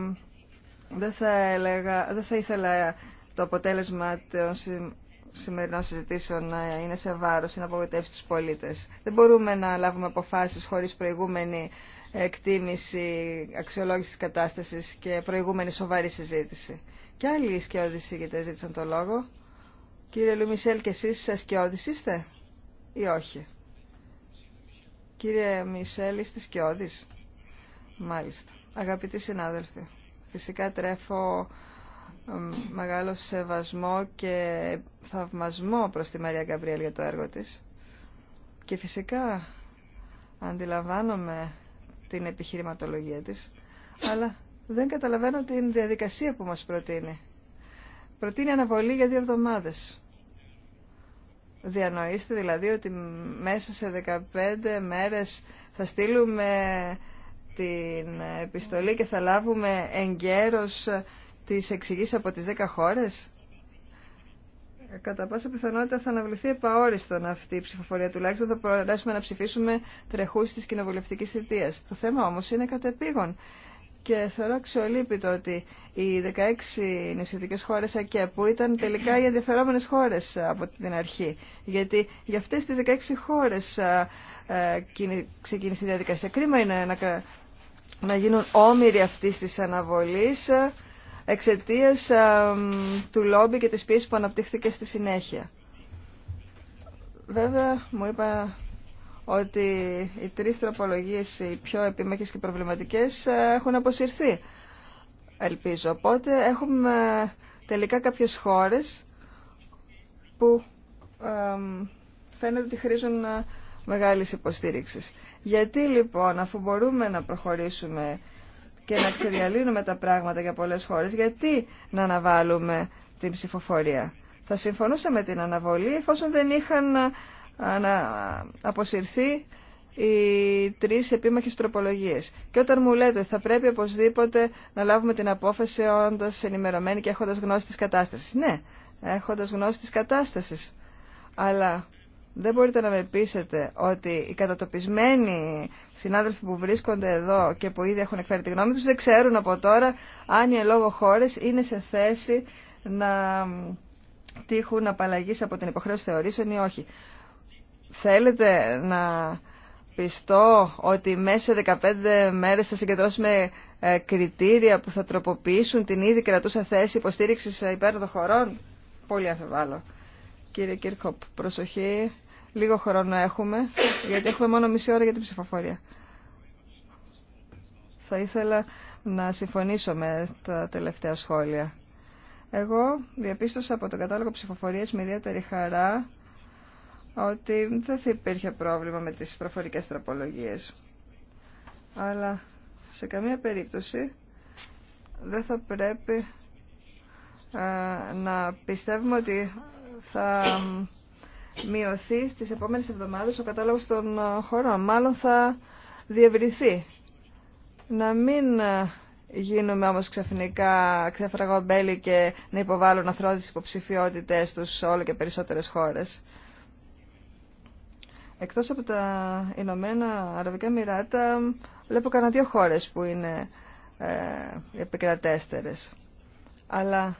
[SPEAKER 2] δεν θα, θα ήθελα το αποτέλεσμα των σημερινών συζητήσεων να είναι σε βάρο ή να απογοητεύσει του πολίτε. Δεν μπορούμε να λάβουμε αποφάσει χωρί προηγούμενη εκτίμηση, αξιολόγηση τη κατάστασης και προηγούμενη σοβαρή συζήτηση. Και άλλοι σκιώδει ηγητές ζήτησαν το λόγο. Κύριε Λουμισέλ και σα σκιώδει είστε ή όχι. Κύριε Μισελ είστε σκιώδει. Μάλιστα. Αγαπητοί συνάδελφοι, φυσικά τρέφω μεγάλο σεβασμό και θαυμασμό προς τη Μαρία Γκαμπριέλ για το έργο της. Και φυσικά αντιλαμβάνομαι την επιχειρηματολογία της, αλλά δεν καταλαβαίνω την διαδικασία που μας προτείνει. Προτείνει αναβολή για δύο εβδομάδες. Διανοείστε δηλαδή ότι μέσα σε 15 μέρες θα στείλουμε την επιστολή και θα λάβουμε εγκαίρως τις εξηγήσει από τις 10 χώρες. Ε, κατά πάσα πιθανότητα θα αναβληθεί επαόριστον αυτή η ψηφοφορία. Τουλάχιστον θα προλάσουμε να ψηφίσουμε τρεχούς της κοινοβουλευτική θητείας. Το θέμα όμως είναι κατεπήγον. Και θεωρώ αξιολείπητο ότι οι 16 νησιωτικές χώρες ΑΚΕ που ήταν τελικά οι ενδιαφερόμενε χώρες ε, από την αρχή. Γιατί για αυτές τις 16 χώρες ε, ξεκίνησε η διαδικασία. Κρίμα είναι να, να γίνουν όμοιροι αυτής της αναβολής εξαιτία του λόμπι και της πίεσης που αναπτύχθηκε στη συνέχεια. Βέβαια, μου είπα ότι οι τρεις τροπολογίες, οι πιο επιμέχες και προβληματικές, ε, έχουν αποσυρθεί, ελπίζω. Οπότε έχουμε τελικά κάποιες χώρες που φαίνεται ότι χρήζουν ε, μεγάλης υποστήριξης. Γιατί λοιπόν, αφού μπορούμε να προχωρήσουμε και να ξεδιαλύνουμε τα πράγματα για πολλές χώρες, γιατί να αναβάλουμε την ψηφοφορία. Θα συμφωνούσαμε με την αναβολή εφόσον δεν είχαν αποσυρθεί οι τρεις επίμαχες τροπολογίες. Και όταν μου λέτε θα πρέπει οπωσδήποτε να λάβουμε την απόφαση όντας ενημερωμένοι και έχοντας γνώση της κατάστασης. Ναι, έχοντας γνώση της κατάστασης. Αλλά δεν μπορείτε να με πείσετε ότι οι κατατοπισμένοι συνάδελφοι που βρίσκονται εδώ και που ήδη έχουν εκφέρει τη γνώμη τους δεν ξέρουν από τώρα αν οι ελόγω χώρες είναι σε θέση να τύχουν απαλλαγή από την υποχρέωση θεωρήσεων ή όχι. Θέλετε να πιστώ ότι μέσα σε 15 μέρες θα συγκεντρώσουμε ε, κριτήρια που θα τροποποιήσουν την ήδη κρατούσα θέση υποστήριξης ε, υπέρ των χωρών. Πολύ αφεβάλλω. Κύριε Κίρκοπ, προσοχή Λίγο χρόνο έχουμε, γιατί έχουμε μόνο μισή ώρα για την ψηφοφορία. Θα ήθελα να συμφωνήσω με τα τελευταία σχόλια. Εγώ διαπίστωσα από τον κατάλογο ψηφοφορίας με ιδιαίτερη χαρά ότι δεν θα υπήρχε πρόβλημα με τις προφορικές τραπολογίες. Αλλά σε καμία περίπτωση δεν θα πρέπει ε, να πιστεύουμε ότι θα μειωθεί στις επόμενες εβδομάδες ο κατάλογος των ε, χωρών. Μάλλον θα διευρυθεί. Να μην ε, γίνουμε όμως ξαφνικά ξεφραγομπέλοι και να υποβάλουν αθρώδεις υποψηφιότητες τους σε όλο και περισσότερες χώρες. Εκτός από τα Ηνωμένα Αραβικά Μοιράτα, βλέπω κανένα δύο χώρες που είναι ε, επικρατέστερες. Αλλά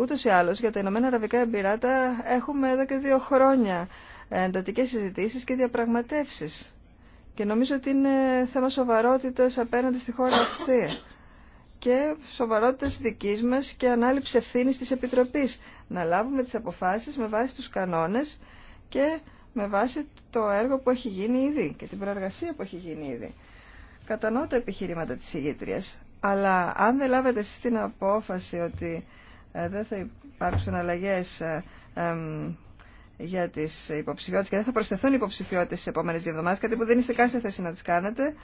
[SPEAKER 2] Ούτω ή άλλως για τα Ηνωμένα Αραβικά Εμπειράτα έχουμε εδώ και δύο χρόνια εντατικέ συζητήσει και διαπραγματεύσει. Και νομίζω ότι είναι θέμα σοβαρότητα απέναντι στη χώρα αυτή και σοβαρότητα δική μα και ανάληψη ευθύνη τη επιτροπή Να λάβουμε τι αποφάσει με βάση του κανόνε και με βάση το έργο που έχει γίνει ήδη και την προεργασία που έχει γίνει ήδη. Κατανοώ τα επιχειρήματα της ηγήτριας, αλλά αν δεν λάβετε εσείς την απόφαση ότι ε, δεν θα υπάρξουν αλλαγές ε, για τις υποψηφιότητες και δεν θα προσθεθούν υποψηφιότητες στις επόμενες δύο εβδομάδες, κάτι που δεν είστε καν σε θέση να τις κάνετε,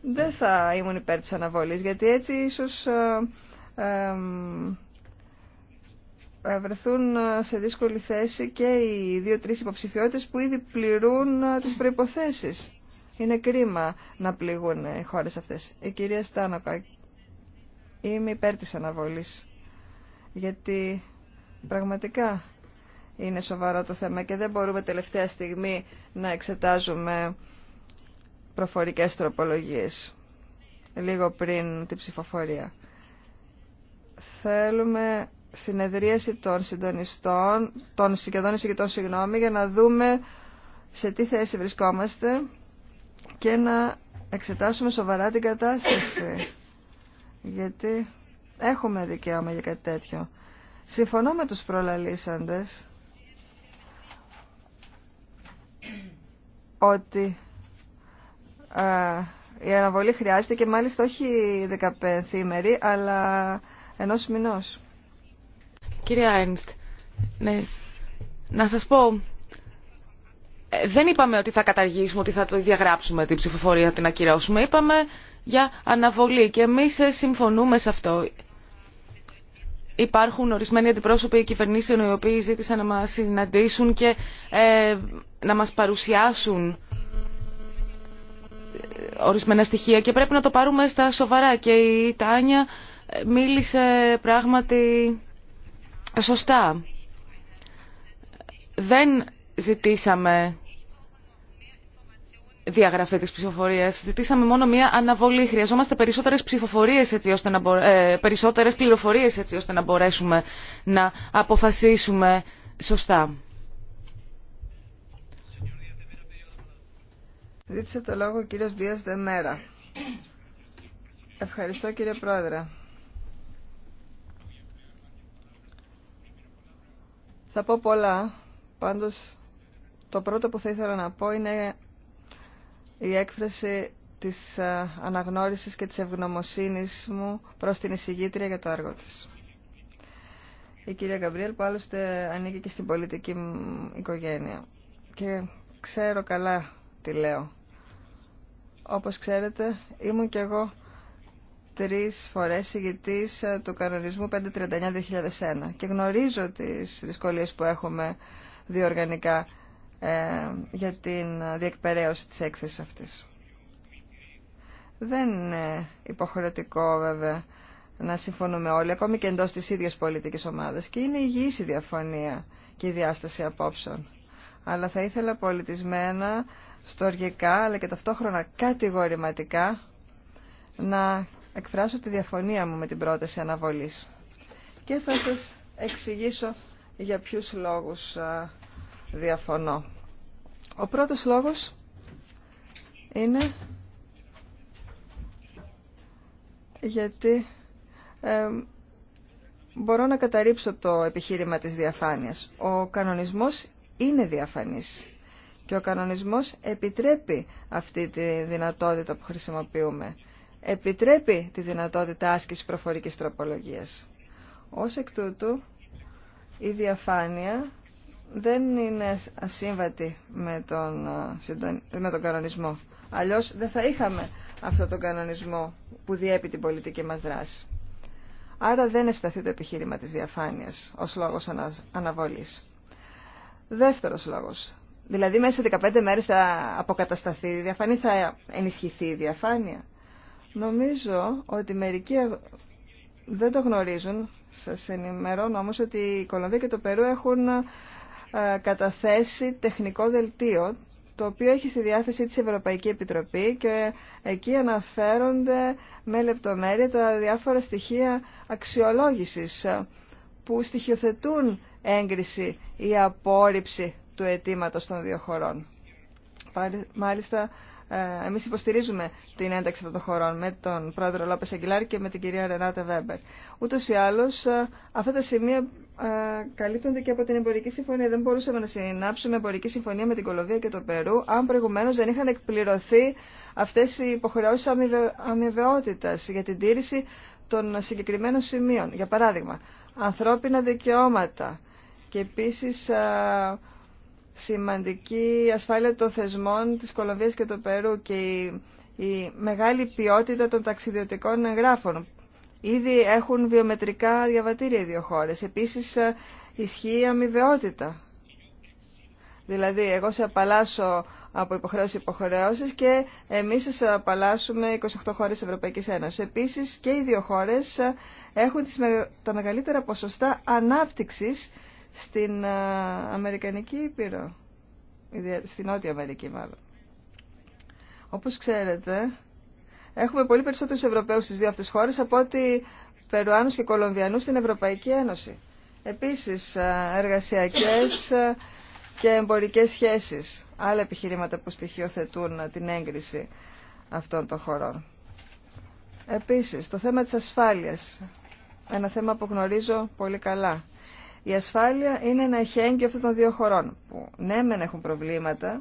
[SPEAKER 2] δεν θα ήμουν υπέρ της αναβολής, γιατί έτσι ίσως ε, βρεθούν σε δύσκολη θέση και οι δύο-τρεις υποψηφιότητες που ήδη πληρούν τις προϋποθέσεις. Είναι κρίμα να πληγούν οι χώρες αυτές. Η κυρία Στάνοκα, είμαι υπέρ της αναβολής γιατί πραγματικά είναι σοβαρό το θέμα και δεν μπορούμε τελευταία στιγμή να εξετάζουμε προφορικές τροπολογίες λίγο πριν την ψηφοφορία. Θέλουμε συνεδρίαση των συντονιστών, των σχεδόν εισηγητών, συγγνώμη, για να δούμε σε τι θέση βρισκόμαστε και να εξετάσουμε σοβαρά την κατάσταση. Γιατί Έχουμε δικαίωμα για κάτι τέτοιο. Συμφωνώ με τους προλαλήσαντες ότι η αναβολή χρειάζεται και μάλιστα όχι 15 ημερή, αλλά ενός μηνός. Κυρία Ένστ, ναι. να σας πω,
[SPEAKER 4] ε, δεν είπαμε ότι θα καταργήσουμε, ότι θα το διαγράψουμε την ψηφοφορία, την ακυρώσουμε. Είπαμε για αναβολή και εμείς ε, συμφωνούμε σε αυτό υπάρχουν ορισμένοι αντιπρόσωποι κυβερνήσεων οι οποίοι ζήτησαν να μας συναντήσουν και ε, να μας παρουσιάσουν ε, ορισμένα στοιχεία και πρέπει να το πάρουμε στα σοβαρά και η Τάνια ε, μίλησε πράγματι σωστά. Δεν ζητήσαμε διαγραφή της ψηφοφορίας. Ζητήσαμε μόνο μία αναβολή. Χρειαζόμαστε περισσότερες, ψηφοφορίες έτσι ώστε να μπορέ... ε, περισσότερες πληροφορίες έτσι ώστε να μπορέσουμε να αποφασίσουμε σωστά.
[SPEAKER 2] Ζήτησε το λόγο ο κύριος Δίας Δεμέρα. Ευχαριστώ κύριε Πρόεδρε. Θα πω πολλά, πάντως το πρώτο που θα ήθελα να πω είναι η έκφραση της ε, αναγνώρισης και της ευγνωμοσύνης μου προς την εισηγήτρια για το έργο της. Η κυρία Γκαμπριέλ που άλλωστε ανήκει και στην πολιτική οικογένεια και ξέρω καλά τι λέω. Όπως ξέρετε ήμουν κι εγώ τρεις φορές ηγητής ε, του κανονισμού 539-2001 και γνωρίζω τις δυσκολίες που έχουμε διοργανικά ε, για την διεκπαιρέωση της έκθεσης αυτής. Δεν είναι υποχρεωτικό βέβαια να συμφωνούμε όλοι, ακόμη και εντός της ίδιας πολιτικής ομάδας και είναι υγιής η διαφωνία και η διάσταση απόψεων. Αλλά θα ήθελα πολιτισμένα, στοργικά αλλά και ταυτόχρονα κατηγορηματικά να εκφράσω τη διαφωνία μου με την πρόταση αναβολής. Και θα σας εξηγήσω για ποιους λόγους διαφωνώ. Ο πρώτος λόγος είναι γιατί μπορώ να καταρρύψω το επιχείρημα της διαφάνειας. Ο κανονισμός είναι διαφανής και ο κανονισμός επιτρέπει αυτή τη δυνατότητα που χρησιμοποιούμε. Επιτρέπει τη δυνατότητα άσκησης προφορικής τροπολογίας. Ως εκ τούτου, η διαφάνεια δεν είναι ασύμβατη με τον, ε, με τον κανονισμό. Αλλιώς δεν θα είχαμε αυτό τον κανονισμό που διέπει την πολιτική μας δράση. Άρα δεν ευσταθεί το επιχείρημα της διαφάνειας ως λόγος αναβολής. Δεύτερος λόγος. Δηλαδή μέσα σε 15 μέρες θα αποκατασταθεί η διαφάνεια, θα ενισχυθεί η διαφάνεια. Νομίζω ότι μερικοί ε, δεν το γνωρίζουν. Σας ενημερώνω όμως ότι η Κολομβία και το Περού έχουν ε, ε, καταθέσει τεχνικό δελτίο το οποίο έχει στη διάθεση της Ευρωπαϊκή Επιτροπή και εκεί αναφέρονται με λεπτομέρεια τα διάφορα στοιχεία αξιολόγησης ε, που στοιχειοθετούν έγκριση ή απόρριψη του αιτήματο των δύο χωρών. Μάλιστα, ε, εμείς υποστηρίζουμε την ένταξη των χωρών με τον πρόεδρο Λόπες Αγγιλάρη και με την κυρία Ρενάτε Βέμπερ. Ούτως ή άλλως, αυτά τα σημεία καλύπτονται και από την εμπορική συμφωνία. Δεν μπορούσαμε να συνάψουμε εμπορική συμφωνία με την Κολοβία και το Περού, αν προηγουμένω δεν είχαν εκπληρωθεί αυτέ οι υποχρεώσει αμοιβαιότητα για την τήρηση των συγκεκριμένων σημείων. Για παράδειγμα, ανθρώπινα δικαιώματα και επίση σημαντική ασφάλεια των θεσμών της Κολομβίας και του Περού και η, η μεγάλη ποιότητα των ταξιδιωτικών εγγράφων Ήδη έχουν βιομετρικά διαβατήρια οι δύο χώρες. Επίσης ε, ισχύει η αμοιβαιότητα. Δηλαδή, εγώ σε απαλλάσσω από υποχρέωση υποχρεώσεις και εμείς σε απαλλάσσουμε 28 χώρες Ευρωπαϊκής Ένωσης. Επίσης και οι δύο χώρες ε, έχουν τα μεγαλύτερα ποσοστά ανάπτυξης στην ε, Αμερικανική Ήπειρο, στην Νότια Αμερική μάλλον. Όπως ξέρετε, Έχουμε πολύ περισσότερους Ευρωπαίους στις δύο αυτές χώρες από ότι περουάνου και Κολομβιανού στην Ευρωπαϊκή Ένωση. Επίσης, ε, εργασιακές ε, και εμπορικές σχέσεις. Άλλα επιχειρήματα που στοιχειοθετούν ε, την έγκριση αυτών των χωρών. Επίσης, το θέμα της ασφάλειας. Ένα θέμα που γνωρίζω πολύ καλά. Η ασφάλεια είναι ένα εχέγγυο αυτών των δύο χωρών, που ναι μεν έχουν προβλήματα,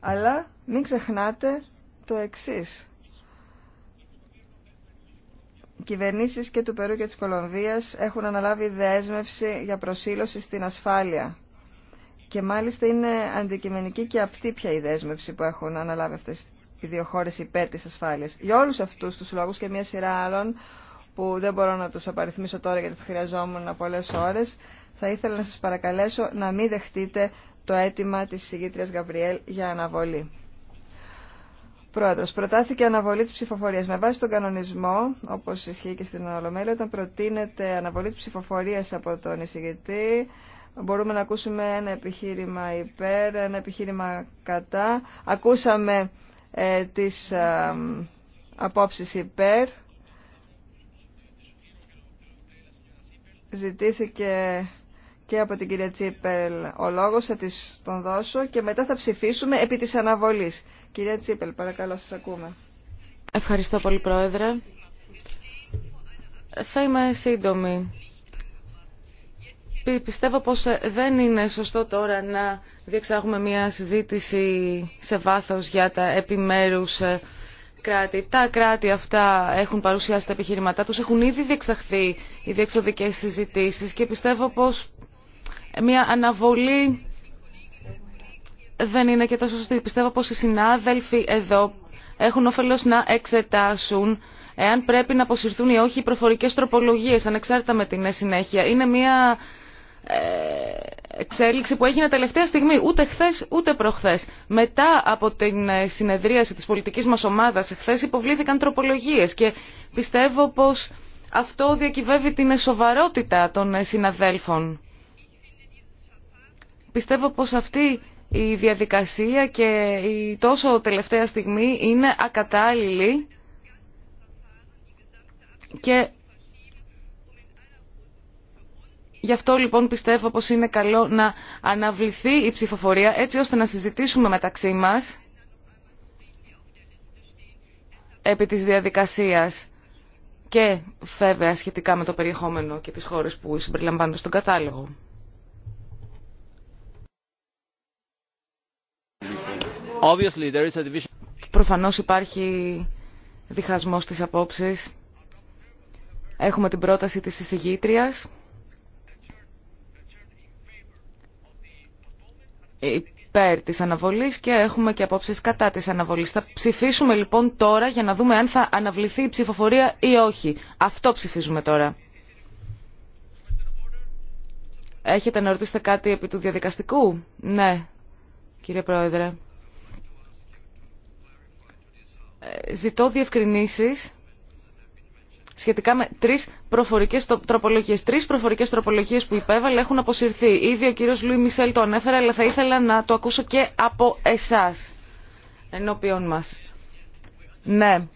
[SPEAKER 2] αλλά μην ξεχνάτε το εξής. Οι κυβερνήσεις και του Περού και της Κολομβίας έχουν αναλάβει δέσμευση για προσήλωση στην ασφάλεια. Και μάλιστα είναι αντικειμενική και απτή πια η δέσμευση που έχουν αναλάβει αυτές οι δύο χώρες υπέρ της ασφάλειας. Για όλους αυτούς τους λόγους και μια σειρά άλλων που δεν μπορώ να τους απαριθμίσω τώρα γιατί θα χρειαζόμουν πολλές ώρες, θα ήθελα να σας παρακαλέσω να μην δεχτείτε το αίτημα της συγγήτριας Γαμπριέλ για αναβολή. Πρόεδρος, προτάθηκε αναβολή της ψηφοφορίας. Με βάση τον κανονισμό, όπως ισχύει και στην Ολομέλεια, όταν προτείνεται αναβολή της ψηφοφορίας από τον εισηγητή, μπορούμε να ακούσουμε ένα επιχείρημα υπέρ, ένα επιχείρημα κατά. Ακούσαμε ε, τις ε, απόψεις υπέρ. Ζητήθηκε και από την κυρία Τσίπελ ο λόγος, θα της τον δώσω και μετά θα ψηφίσουμε επί της αναβολής. Κυρία Τσίπελ, παρακαλώ, σας ακούμε.
[SPEAKER 4] Ευχαριστώ πολύ, Πρόεδρε. Θα είμαι σύντομη. Πιστεύω πως ε, δεν είναι σωστό τώρα να διεξάγουμε μια συζήτηση σε βάθος για τα επιμέρους ε, κράτη. Τα κράτη αυτά έχουν παρουσιάσει τα επιχειρηματά τους, έχουν ήδη διεξαχθεί οι διεξοδικές συζητήσεις και πιστεύω πως ε, μια αναβολή δεν είναι και τόσο σωστή. Πιστεύω πως οι συνάδελφοι εδώ έχουν όφελος να εξετάσουν εάν πρέπει να αποσυρθούν ή όχι οι προφορικές τροπολογίες, ανεξάρτητα με την ε, συνέχεια. Είναι μια ε, εξέλιξη που έγινε τελευταία στιγμή, ούτε χθε ούτε προχθέ. Μετά από την ε, συνεδρίαση της πολιτικής μας ομάδας, χθε υποβλήθηκαν τροπολογίε και πιστεύω πως αυτό διακυβεύει την σοβαρότητα των συναδέλφων. Πιστεύω πως αυτή η διαδικασία και η τόσο τελευταία στιγμή είναι ακατάλληλη και γι' αυτό λοιπόν πιστεύω πως είναι καλό να αναβληθεί η ψηφοφορία έτσι ώστε να συζητήσουμε μεταξύ μας επί της διαδικασίας και βέβαια σχετικά με το περιεχόμενο και τις χώρες που συμπεριλαμβάνονται στον κατάλογο. Προφανώς υπάρχει διχασμός της απόψεις Έχουμε την πρόταση της εισηγήτριας. Υπέρ της αναβολής και έχουμε και απόψεις κατά της αναβολής. Θα ψηφίσουμε λοιπόν τώρα για να δούμε αν θα αναβληθεί η ψηφοφορία ή όχι. Αυτό ψηφίζουμε τώρα. Έχετε να ρωτήσετε κάτι επί του διαδικαστικού. Ναι, κύριε Πρόεδρε. Ε, ζητώ διευκρινήσεις σχετικά με τρεις προφορικές τροπολογίες. Τρεις προφορικές τροπολογίες που υπέβαλε έχουν αποσυρθεί. Ήδη ο κύριος Λουί Μισελ το ανέφερε, αλλά θα ήθελα να το ακούσω και από εσάς, ενώπιον μας. Ναι.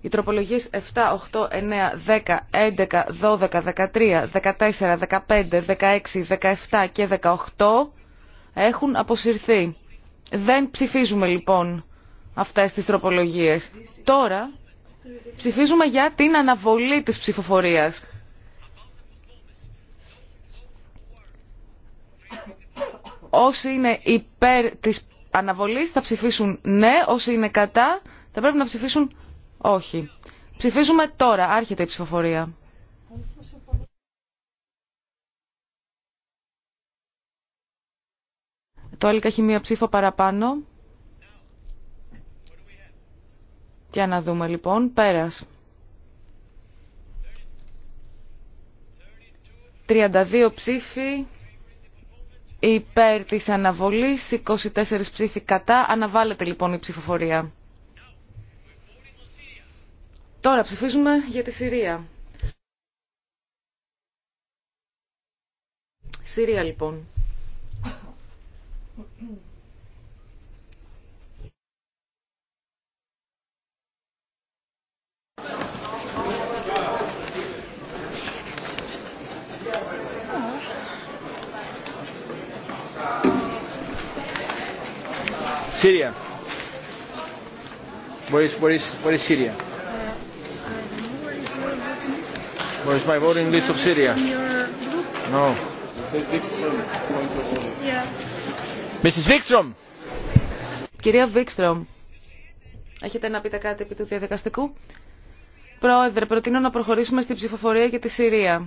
[SPEAKER 4] Οι τροπολογίες 7, 8, 9, 10, 11, 12, 13, 14, 15, 16, 17 και 18 έχουν αποσυρθεί. Δεν ψηφίζουμε λοιπόν αυτές τις τροπολογίες. Τώρα ψηφίζουμε για την αναβολή της ψηφοφορίας. Όσοι είναι υπέρ της αναβολής θα ψηφίσουν ναι, όσοι είναι κατά θα πρέπει να ψηφίσουν όχι. Ψηφίζουμε τώρα, άρχεται η ψηφοφορία. Το Άλικα έχει μία ψήφο παραπάνω. Για να δούμε λοιπόν. Πέρας. 32 ψήφοι υπέρ της αναβολής, 24 ψήφοι κατά. Αναβάλλεται λοιπόν η ψηφοφορία. Τώρα ψηφίζουμε για τη Συρία. Συρία λοιπόν.
[SPEAKER 1] Syria. Where is where is where is Syria? Where is my voting list of Syria? No.
[SPEAKER 4] Yeah. Κυρία Βίξτρομ, έχετε να πείτε κάτι επί του διαδικαστικού. Πρόεδρε, προτείνω να προχωρήσουμε στην ψηφοφορία για τη Συρία.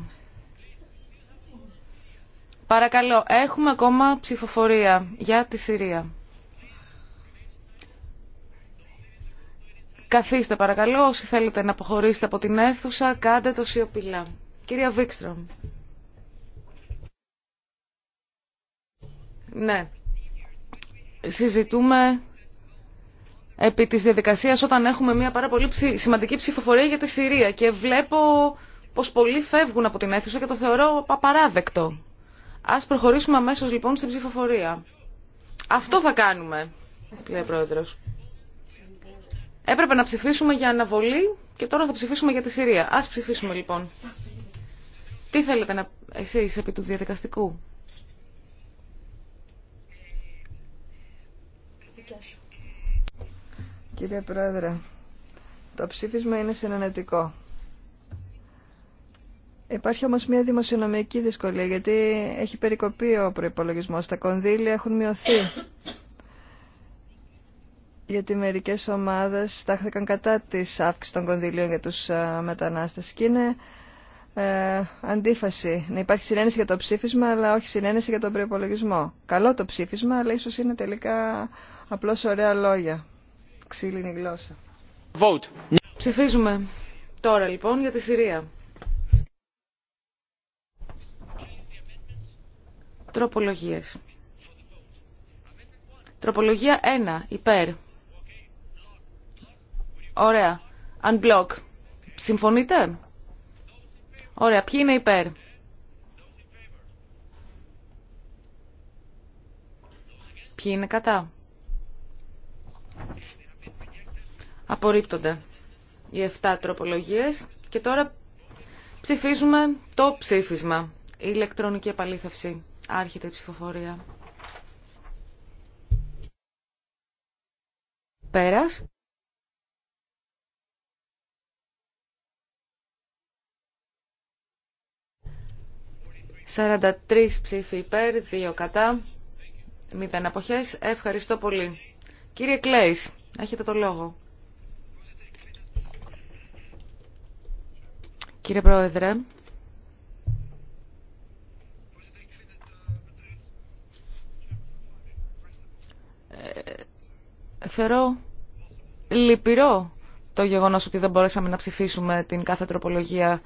[SPEAKER 4] Παρακαλώ, έχουμε ακόμα ψηφοφορία για τη Συρία. Καθίστε παρακαλώ, όσοι θέλετε να αποχωρήσετε από την αίθουσα, κάντε το σιωπηλά. Κυρία Βίξτρομ. Ναι συζητούμε επί της διαδικασίας όταν έχουμε μια πάρα πολύ σημαντική ψηφοφορία για τη Συρία και βλέπω πως πολλοί φεύγουν από την αίθουσα και το θεωρώ απαράδεκτο. Ας προχωρήσουμε αμέσως λοιπόν στην ψηφοφορία. Αυτό θα κάνουμε, λέει ο Πρόεδρος. Έπρεπε να ψηφίσουμε για αναβολή και τώρα θα ψηφίσουμε για τη Συρία. Ας ψηφίσουμε λοιπόν. Τι θέλετε να... εσείς επί
[SPEAKER 2] του διαδικαστικού. Κύριε Πρόεδρε, το ψήφισμα είναι συνενετικό. Υπάρχει όμως μια δημοσιονομική δυσκολία γιατί έχει περικοπεί ο προϋπολογισμός. Τα κονδύλια έχουν μειωθεί. Γιατί μερικές ομάδες στάχθηκαν κατά της αύξησης των κονδύλιων για τους ε, μετανάστες και είναι ε, αντίφαση. Να υπάρχει συνένεση για το ψήφισμα, αλλά όχι συνένεση για τον προπολογισμό. Καλό το ψήφισμα, αλλά ίσως είναι τελικά απλώς ωραία λόγια. Ξύλινη γλώσσα. Vote. Ψηφίζουμε
[SPEAKER 4] τώρα λοιπόν για τη Συρία. Τροπολογίες. Τροπολογία 1. Υπέρ. Ωραία. Unblock. Συμφωνείτε? Ωραία, ποιοι είναι υπέρ. Ποιοι είναι κατά. Απορρίπτονται οι 7 τροπολογίες και τώρα ψηφίζουμε το ψήφισμα. Η ηλεκτρονική επαλήθευση. Άρχεται η ψηφοφορία. Πέρας. 43 ψήφοι υπέρ, 2 κατά, 0 αποχές. Ευχαριστώ πολύ. Κύριε Κλέης, έχετε το λόγο. Κύριε Πρόεδρε, ε, θεωρώ λυπηρό το γεγονός ότι δεν μπορέσαμε να ψηφίσουμε την κάθε τροπολογία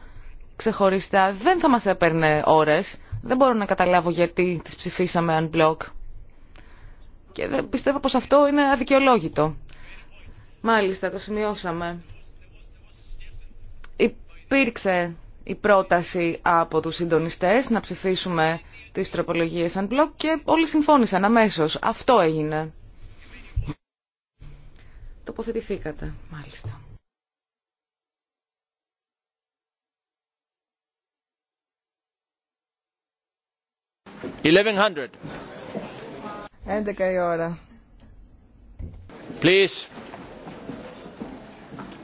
[SPEAKER 4] ξεχωριστά δεν θα μας έπαιρνε ώρες. Δεν μπορώ να καταλάβω γιατί τις ψηφίσαμε unblock. Και δεν πιστεύω πως αυτό είναι αδικαιολόγητο. Μάλιστα, το σημειώσαμε. Υπήρξε η πρόταση από τους συντονιστές να ψηφίσουμε τις τροπολογίες unblock και όλοι συμφώνησαν αμέσως. Αυτό έγινε. Τοποθετηθήκατε, μάλιστα.
[SPEAKER 1] 1100.
[SPEAKER 2] 11
[SPEAKER 1] Please.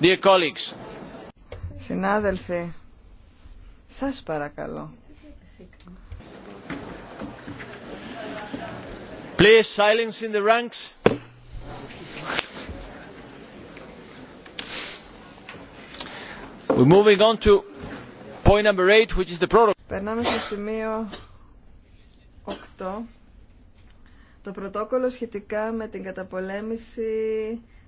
[SPEAKER 1] Dear colleagues.
[SPEAKER 2] Συνάδελφοι, σας παρακαλώ. Please silence in the ranks. We're moving on to point number 8 which is the protocol. 8 το πρωτόκολλο σχετικά με την καταπολέμηση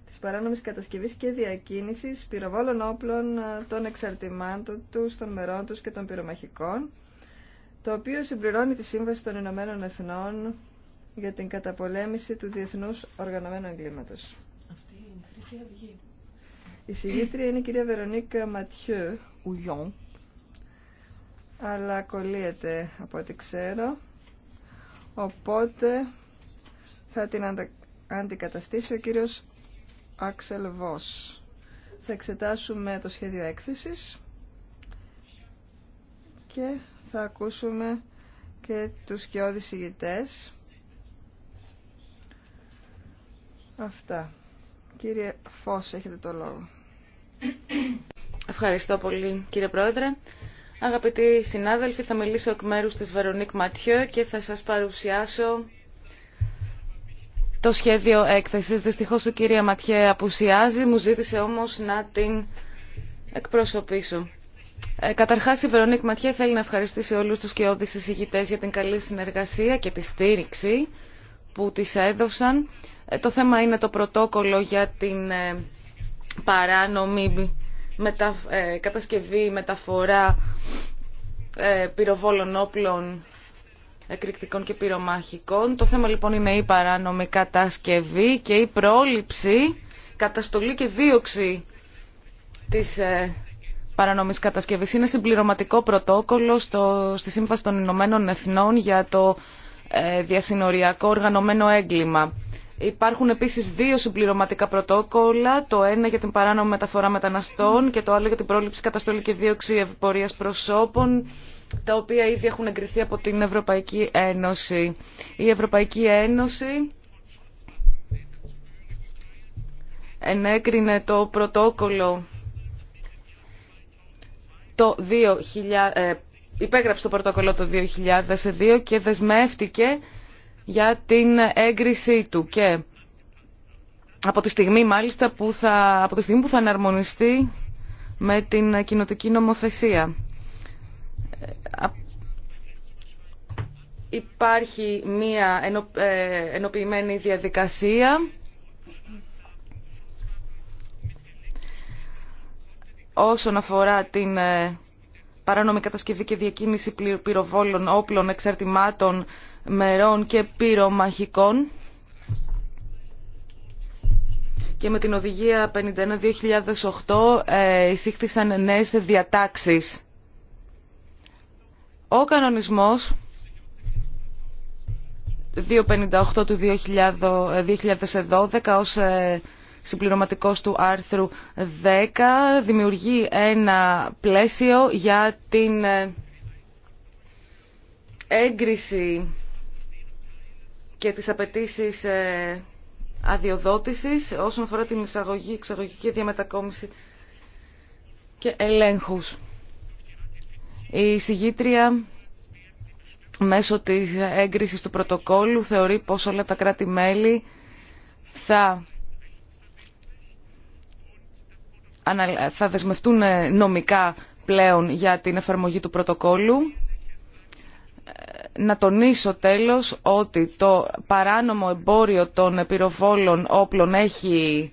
[SPEAKER 2] της παράνομης κατασκευής και διακίνησης πυροβόλων όπλων ε, των εξαρτημάτων τους, των μερών τους και των πυρομαχικών, το οποίο συμπληρώνει τη Σύμβαση των Ηνωμένων Εθνών για την καταπολέμηση του διεθνούς οργανωμένου εγκλήματος. Αυτή η Χρυσή Αυγή. Η συγγήτρια είναι η κυρία Βερονίκα Ματιού Ουγιόν, αλλά κολλείεται από ό,τι ξέρω. Οπότε θα την αντικαταστήσει ο κύριος Άξελ Βος. Θα εξετάσουμε το σχέδιο έκθεσης και θα ακούσουμε και τους κοιόδης ηγητές. Αυτά. Κύριε Φως, έχετε το λόγο.
[SPEAKER 4] Ευχαριστώ πολύ κύριε Πρόεδρε. Αγαπητοί συνάδελφοι, θα μιλήσω εκ μέρους της Βερονίκ Ματιέ και θα σας παρουσιάσω το σχέδιο έκθεσης. Δυστυχώς η κυρία Ματιέ απουσιάζει, μου ζήτησε όμως να την εκπροσωπήσω. Ε, καταρχάς η Βερονίκ Ματιέ θέλει να ευχαριστήσει όλους τους κοιόδης εισηγητές για την καλή συνεργασία και τη στήριξη που τη έδωσαν. Ε, το θέμα είναι το πρωτόκολλο για την ε, παράνομη μετα... ε, κατασκευή, μεταφορά ε, πυροβόλων όπλων εκρηκτικών και πυρομαχικών. Το θέμα λοιπόν είναι η παράνομη κατασκευή και η πρόληψη, καταστολή και δίωξη της ε, παρανομής κατασκευής. Είναι συμπληρωματικό πρωτόκολλο στο, στη Σύμβαση των Ηνωμένων Εθνών για το ε, διασυνοριακό οργανωμένο έγκλημα. Υπάρχουν επίσης δύο συμπληρωματικά πρωτόκολλα, το ένα για την παράνομη μεταφορά μεταναστών και το άλλο για την πρόληψη καταστολή και δίωξη ευπορίας προσώπων, τα οποία ήδη έχουν εγκριθεί από την Ευρωπαϊκή Ένωση. Η Ευρωπαϊκή Ένωση ενέκρινε το πρωτόκολλο το 2000, ε, υπέγραψε το πρωτόκολλο το 2002 και δεσμεύτηκε για την έγκρισή του και από τη στιγμή μάλιστα που θα, από τη στιγμή που θα εναρμονιστεί με την κοινοτική νομοθεσία. Υπάρχει μία ε, ενοποιημένη διαδικασία όσον αφορά την ε, παράνομη κατασκευή και διακίνηση πυροβόλων, όπλων, εξαρτημάτων, μερών και πυρομαχικών και με την οδηγία 51-2008 ε, εισήχθησαν νέες διατάξεις. Ο κανονισμός 258 του 2012 ως ε, συμπληρωματικός του άρθρου 10 δημιουργεί ένα πλαίσιο για την ε, έγκριση και τις απαιτήσει ε, αδειοδότησης όσον αφορά την εισαγωγή, εξαγωγική διαμετακόμιση και ελέγχους. Η συγγήτρια μέσω της έγκρισης του πρωτοκόλλου θεωρεί πως όλα τα κράτη-μέλη θα θα δεσμευτούν ε, νομικά πλέον για την εφαρμογή του πρωτοκόλλου να τονίσω τέλος ότι το παράνομο εμπόριο των πυροβόλων όπλων έχει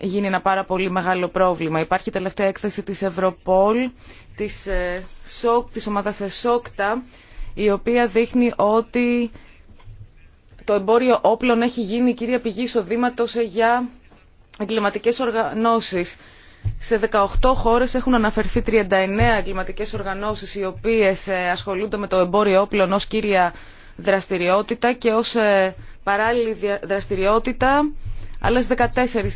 [SPEAKER 4] γίνει ένα πάρα πολύ μεγάλο πρόβλημα. Υπάρχει η τελευταία έκθεση της Ευρωπόλ, της, ε, ΣΟΚ, της ομάδας ΕΣΟΚΤΑ, η οποία δείχνει ότι το εμπόριο όπλων έχει γίνει κυρία πηγή εισοδήματος ε, για εγκληματικές οργανώσεις σε 18 χώρες έχουν αναφερθεί 39 εγκληματικές οργανώσεις οι οποίες ε, ασχολούνται με το εμπόριο όπλων ως κύρια δραστηριότητα και ως ε, παράλληλη δραστηριότητα άλλες 14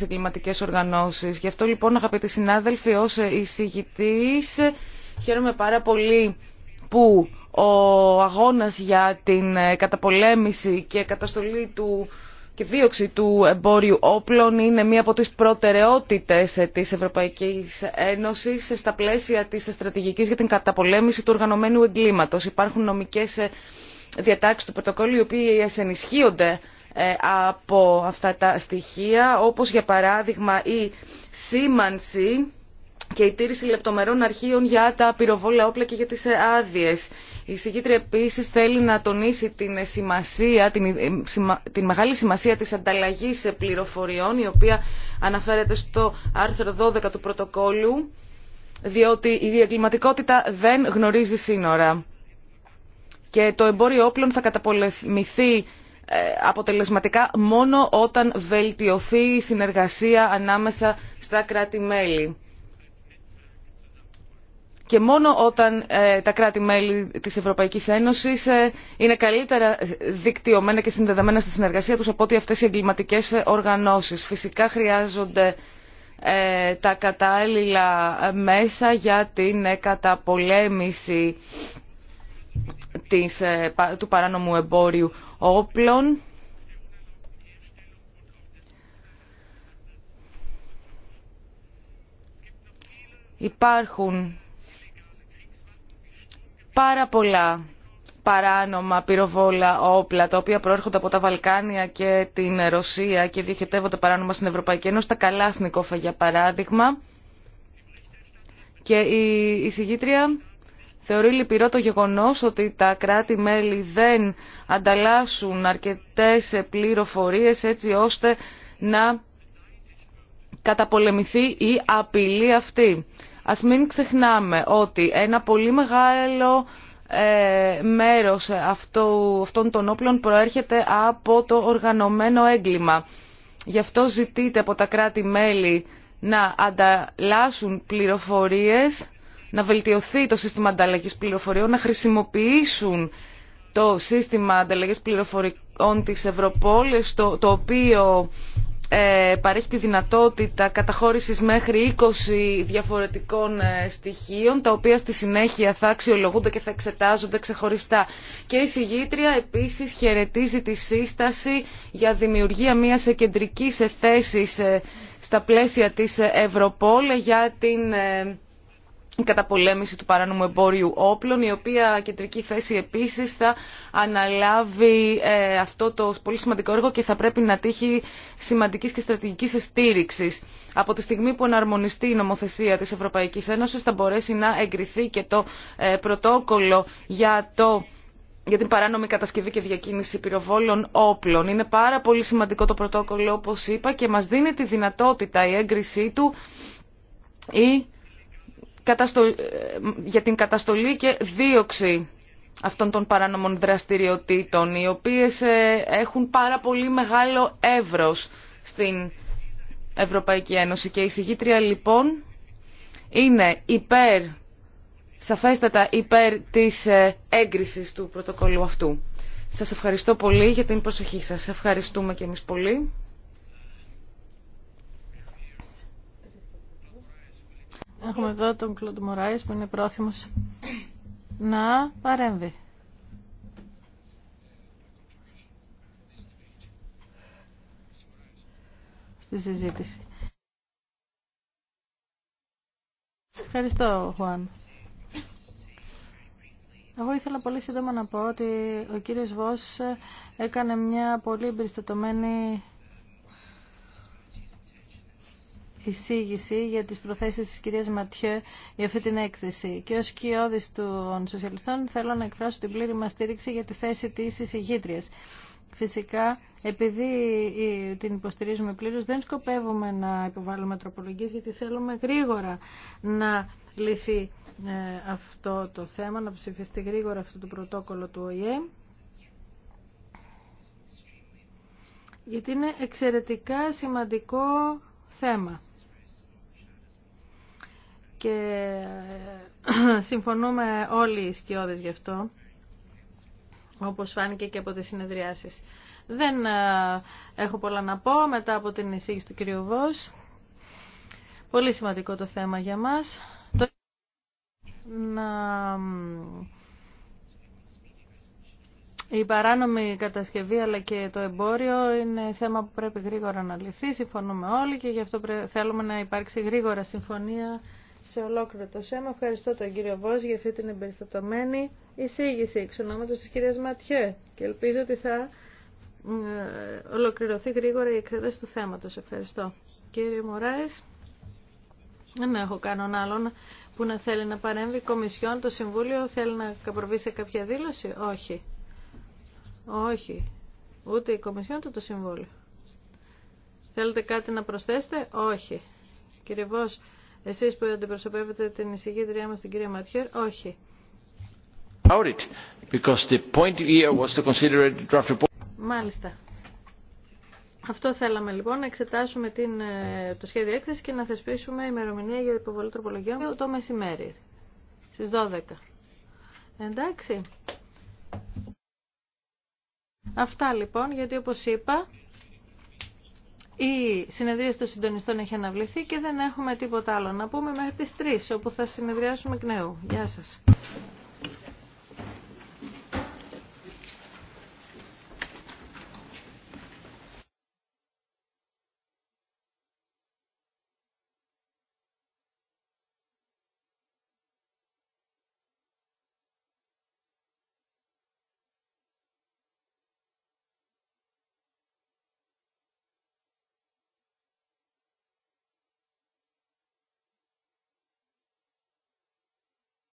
[SPEAKER 4] εγκληματικές οργανώσεις. Γι' αυτό λοιπόν αγαπητοί συνάδελφοι ως εισηγητής χαίρομαι πάρα πολύ που ο αγώνας για την ε, καταπολέμηση και καταστολή του και δίωξη του εμπόριου όπλων είναι μία από τις προτεραιότητες ε, της Ευρωπαϊκής Ένωσης ε, στα πλαίσια της στρατηγικής για την καταπολέμηση του οργανωμένου εγκλήματος. Υπάρχουν νομικές ε, διατάξεις του πρωτοκόλλου οι οποίες ενισχύονται από αυτά τα στοιχεία όπως για παράδειγμα η σήμανση και η τήρηση λεπτομερών αρχείων για τα πυροβόλα όπλα και για τις ε, άδειε. Η συγκήτρια επίσης θέλει να τονίσει την, ε, σημασία, την, ε, την μεγάλη σημασία της ανταλλαγής πληροφοριών η οποία αναφέρεται στο άρθρο 12 του πρωτοκόλλου, διότι η διεγκληματικότητα δεν γνωρίζει σύνορα και το εμπόριο όπλων θα καταπολεμηθεί αποτελεσματικά μόνο όταν βελτιωθεί η συνεργασία ανάμεσα στα κράτη-μέλη και μόνο όταν ε, τα κράτη-μέλη της Ευρωπαϊκής Ένωσης ε, είναι καλύτερα δικτυωμένα και συνδεδεμένα στη συνεργασία τους από ότι αυτές οι εγκληματικές οργανώσεις. Φυσικά χρειάζονται ε, τα κατάλληλα μέσα για την καταπολέμηση του παράνομου εμπόριου όπλων. Υπάρχουν πάρα πολλά παράνομα πυροβόλα όπλα τα οποία προέρχονται από τα Βαλκάνια και την Ρωσία και διοχετεύονται παράνομα στην Ευρωπαϊκή Ένωση, τα καλά σνικόφα για παράδειγμα. Και η εισηγήτρια θεωρεί λυπηρό το γεγονός ότι τα κράτη-μέλη δεν ανταλλάσσουν αρκετές πληροφορίες έτσι ώστε να καταπολεμηθεί η απειλή αυτή. Ας μην ξεχνάμε ότι ένα πολύ μεγάλο ε, μέρος αυτών των όπλων προέρχεται από το οργανωμένο έγκλημα. Γι' αυτό ζητείται από τα κράτη-μέλη να ανταλλάσσουν πληροφορίες, να βελτιωθεί το σύστημα ανταλλαγής πληροφοριών, να χρησιμοποιήσουν το σύστημα ανταλλαγής πληροφοριών της Ευρωπόλης, το οποίο ε, παρέχει τη δυνατότητα καταχώρησης μέχρι 20 διαφορετικών ε, στοιχείων, τα οποία στη συνέχεια θα αξιολογούνται και θα εξετάζονται ξεχωριστά. Και η συγγήτρια επίσης χαιρετίζει τη σύσταση για δημιουργία μιας κεντρικής θέσης ε, στα πλαίσια της Ευρωπόλ για την η καταπολέμηση του παράνομου εμπόριου όπλων, η οποία κεντρική θέση επίσης θα αναλάβει ε, αυτό το πολύ σημαντικό έργο και θα πρέπει να τύχει σημαντικής και στρατηγικής στήριξης. Από τη στιγμή που εναρμονιστεί η νομοθεσία της Ευρωπαϊκής Ένωσης θα μπορέσει να εγκριθεί και το ε, πρωτόκολλο για το για την παράνομη κατασκευή και διακίνηση πυροβόλων όπλων. Είναι πάρα πολύ σημαντικό το πρωτόκολλο, όπως είπα, και μας δίνει τη δυνατότητα η έγκρισή του ε, για την καταστολή και δίωξη αυτών των παράνομων δραστηριοτήτων, οι οποίες ε, έχουν πάρα πολύ μεγάλο εύρος στην Ευρωπαϊκή Ένωση. Και η συγγήτρια λοιπόν είναι υπέρ, σαφέστατα υπέρ της ε, έγκρισης του πρωτοκόλλου αυτού. Σας ευχαριστώ πολύ για την προσοχή σας. Ευχαριστούμε και εμείς πολύ. Έχουμε εδώ
[SPEAKER 3] τον Κλοντ Μωράης που είναι πρόθυμος να παρέμβει. Στη συζήτηση. Ευχαριστώ, Χουάν. Εγώ ήθελα πολύ σύντομα να πω ότι ο κύριος Βος έκανε μια πολύ εμπεριστατωμένη εισήγηση για τις προθέσεις της κυρίας Ματιέ για αυτή την έκθεση. Και ως κοιόδης των σοσιαλιστών θέλω να εκφράσω την πλήρη μας στήριξη για τη θέση της εισηγήτριας. Φυσικά, επειδή την υποστηρίζουμε πλήρως, δεν σκοπεύουμε να υποβάλουμε τροπολογίες, γιατί θέλουμε γρήγορα να λυθεί ε, αυτό το θέμα, να ψηφιστεί γρήγορα αυτό το πρωτόκολλο του ΟΗΕ. γιατί είναι εξαιρετικά σημαντικό θέμα και ε, συμφωνούμε όλοι οι σκιώδες γι' αυτό, όπως φάνηκε και από τις συνεδριάσεις. Δεν ε, έχω πολλά να πω μετά από την εισήγηση του κυρίου Βος. Πολύ σημαντικό το θέμα για μας. Το... Να... Η παράνομη κατασκευή αλλά και το εμπόριο είναι θέμα που πρέπει γρήγορα να λυθεί. Συμφωνούμε όλοι και γι' αυτό θέλουμε να υπάρξει γρήγορα συμφωνία σε ολόκληρο το ΣΕΜ. Ευχαριστώ τον κύριο Βόζ για αυτή την εμπεριστατωμένη εισήγηση εξ ονόματος τη κύρια Ματιέ και ελπίζω ότι θα ε, ολοκληρωθεί γρήγορα η εξέταση του θέματος. Ευχαριστώ. Κύριε Μωράης, δεν έχω κανέναν άλλον που να θέλει να παρέμβει. Κομισιόν, το Συμβούλιο θέλει να προβεί σε κάποια δήλωση. Όχι. Όχι. Ούτε η Κομισιόν, ούτε το Συμβούλιο. Θέλετε κάτι να προσθέσετε. Όχι. Κύριε Βόζ, εσείς που αντιπροσωπεύετε την εισηγήτριά μας την κυρία Ματιέρ, όχι. Μάλιστα. Αυτό θέλαμε λοιπόν, να εξετάσουμε την, ε, το σχέδιο έκθεση και να θεσπίσουμε ημερομηνία για υποβολή τροπολογιών το μεσημέρι, στις 12. Εντάξει. Αυτά λοιπόν, γιατί όπως είπα, η συνεδρία των συντονιστών έχει αναβληθεί και δεν έχουμε τίποτα άλλο να πούμε μέχρι τις 3 όπου θα συνεδριάσουμε εκ νέου. Γεια σας.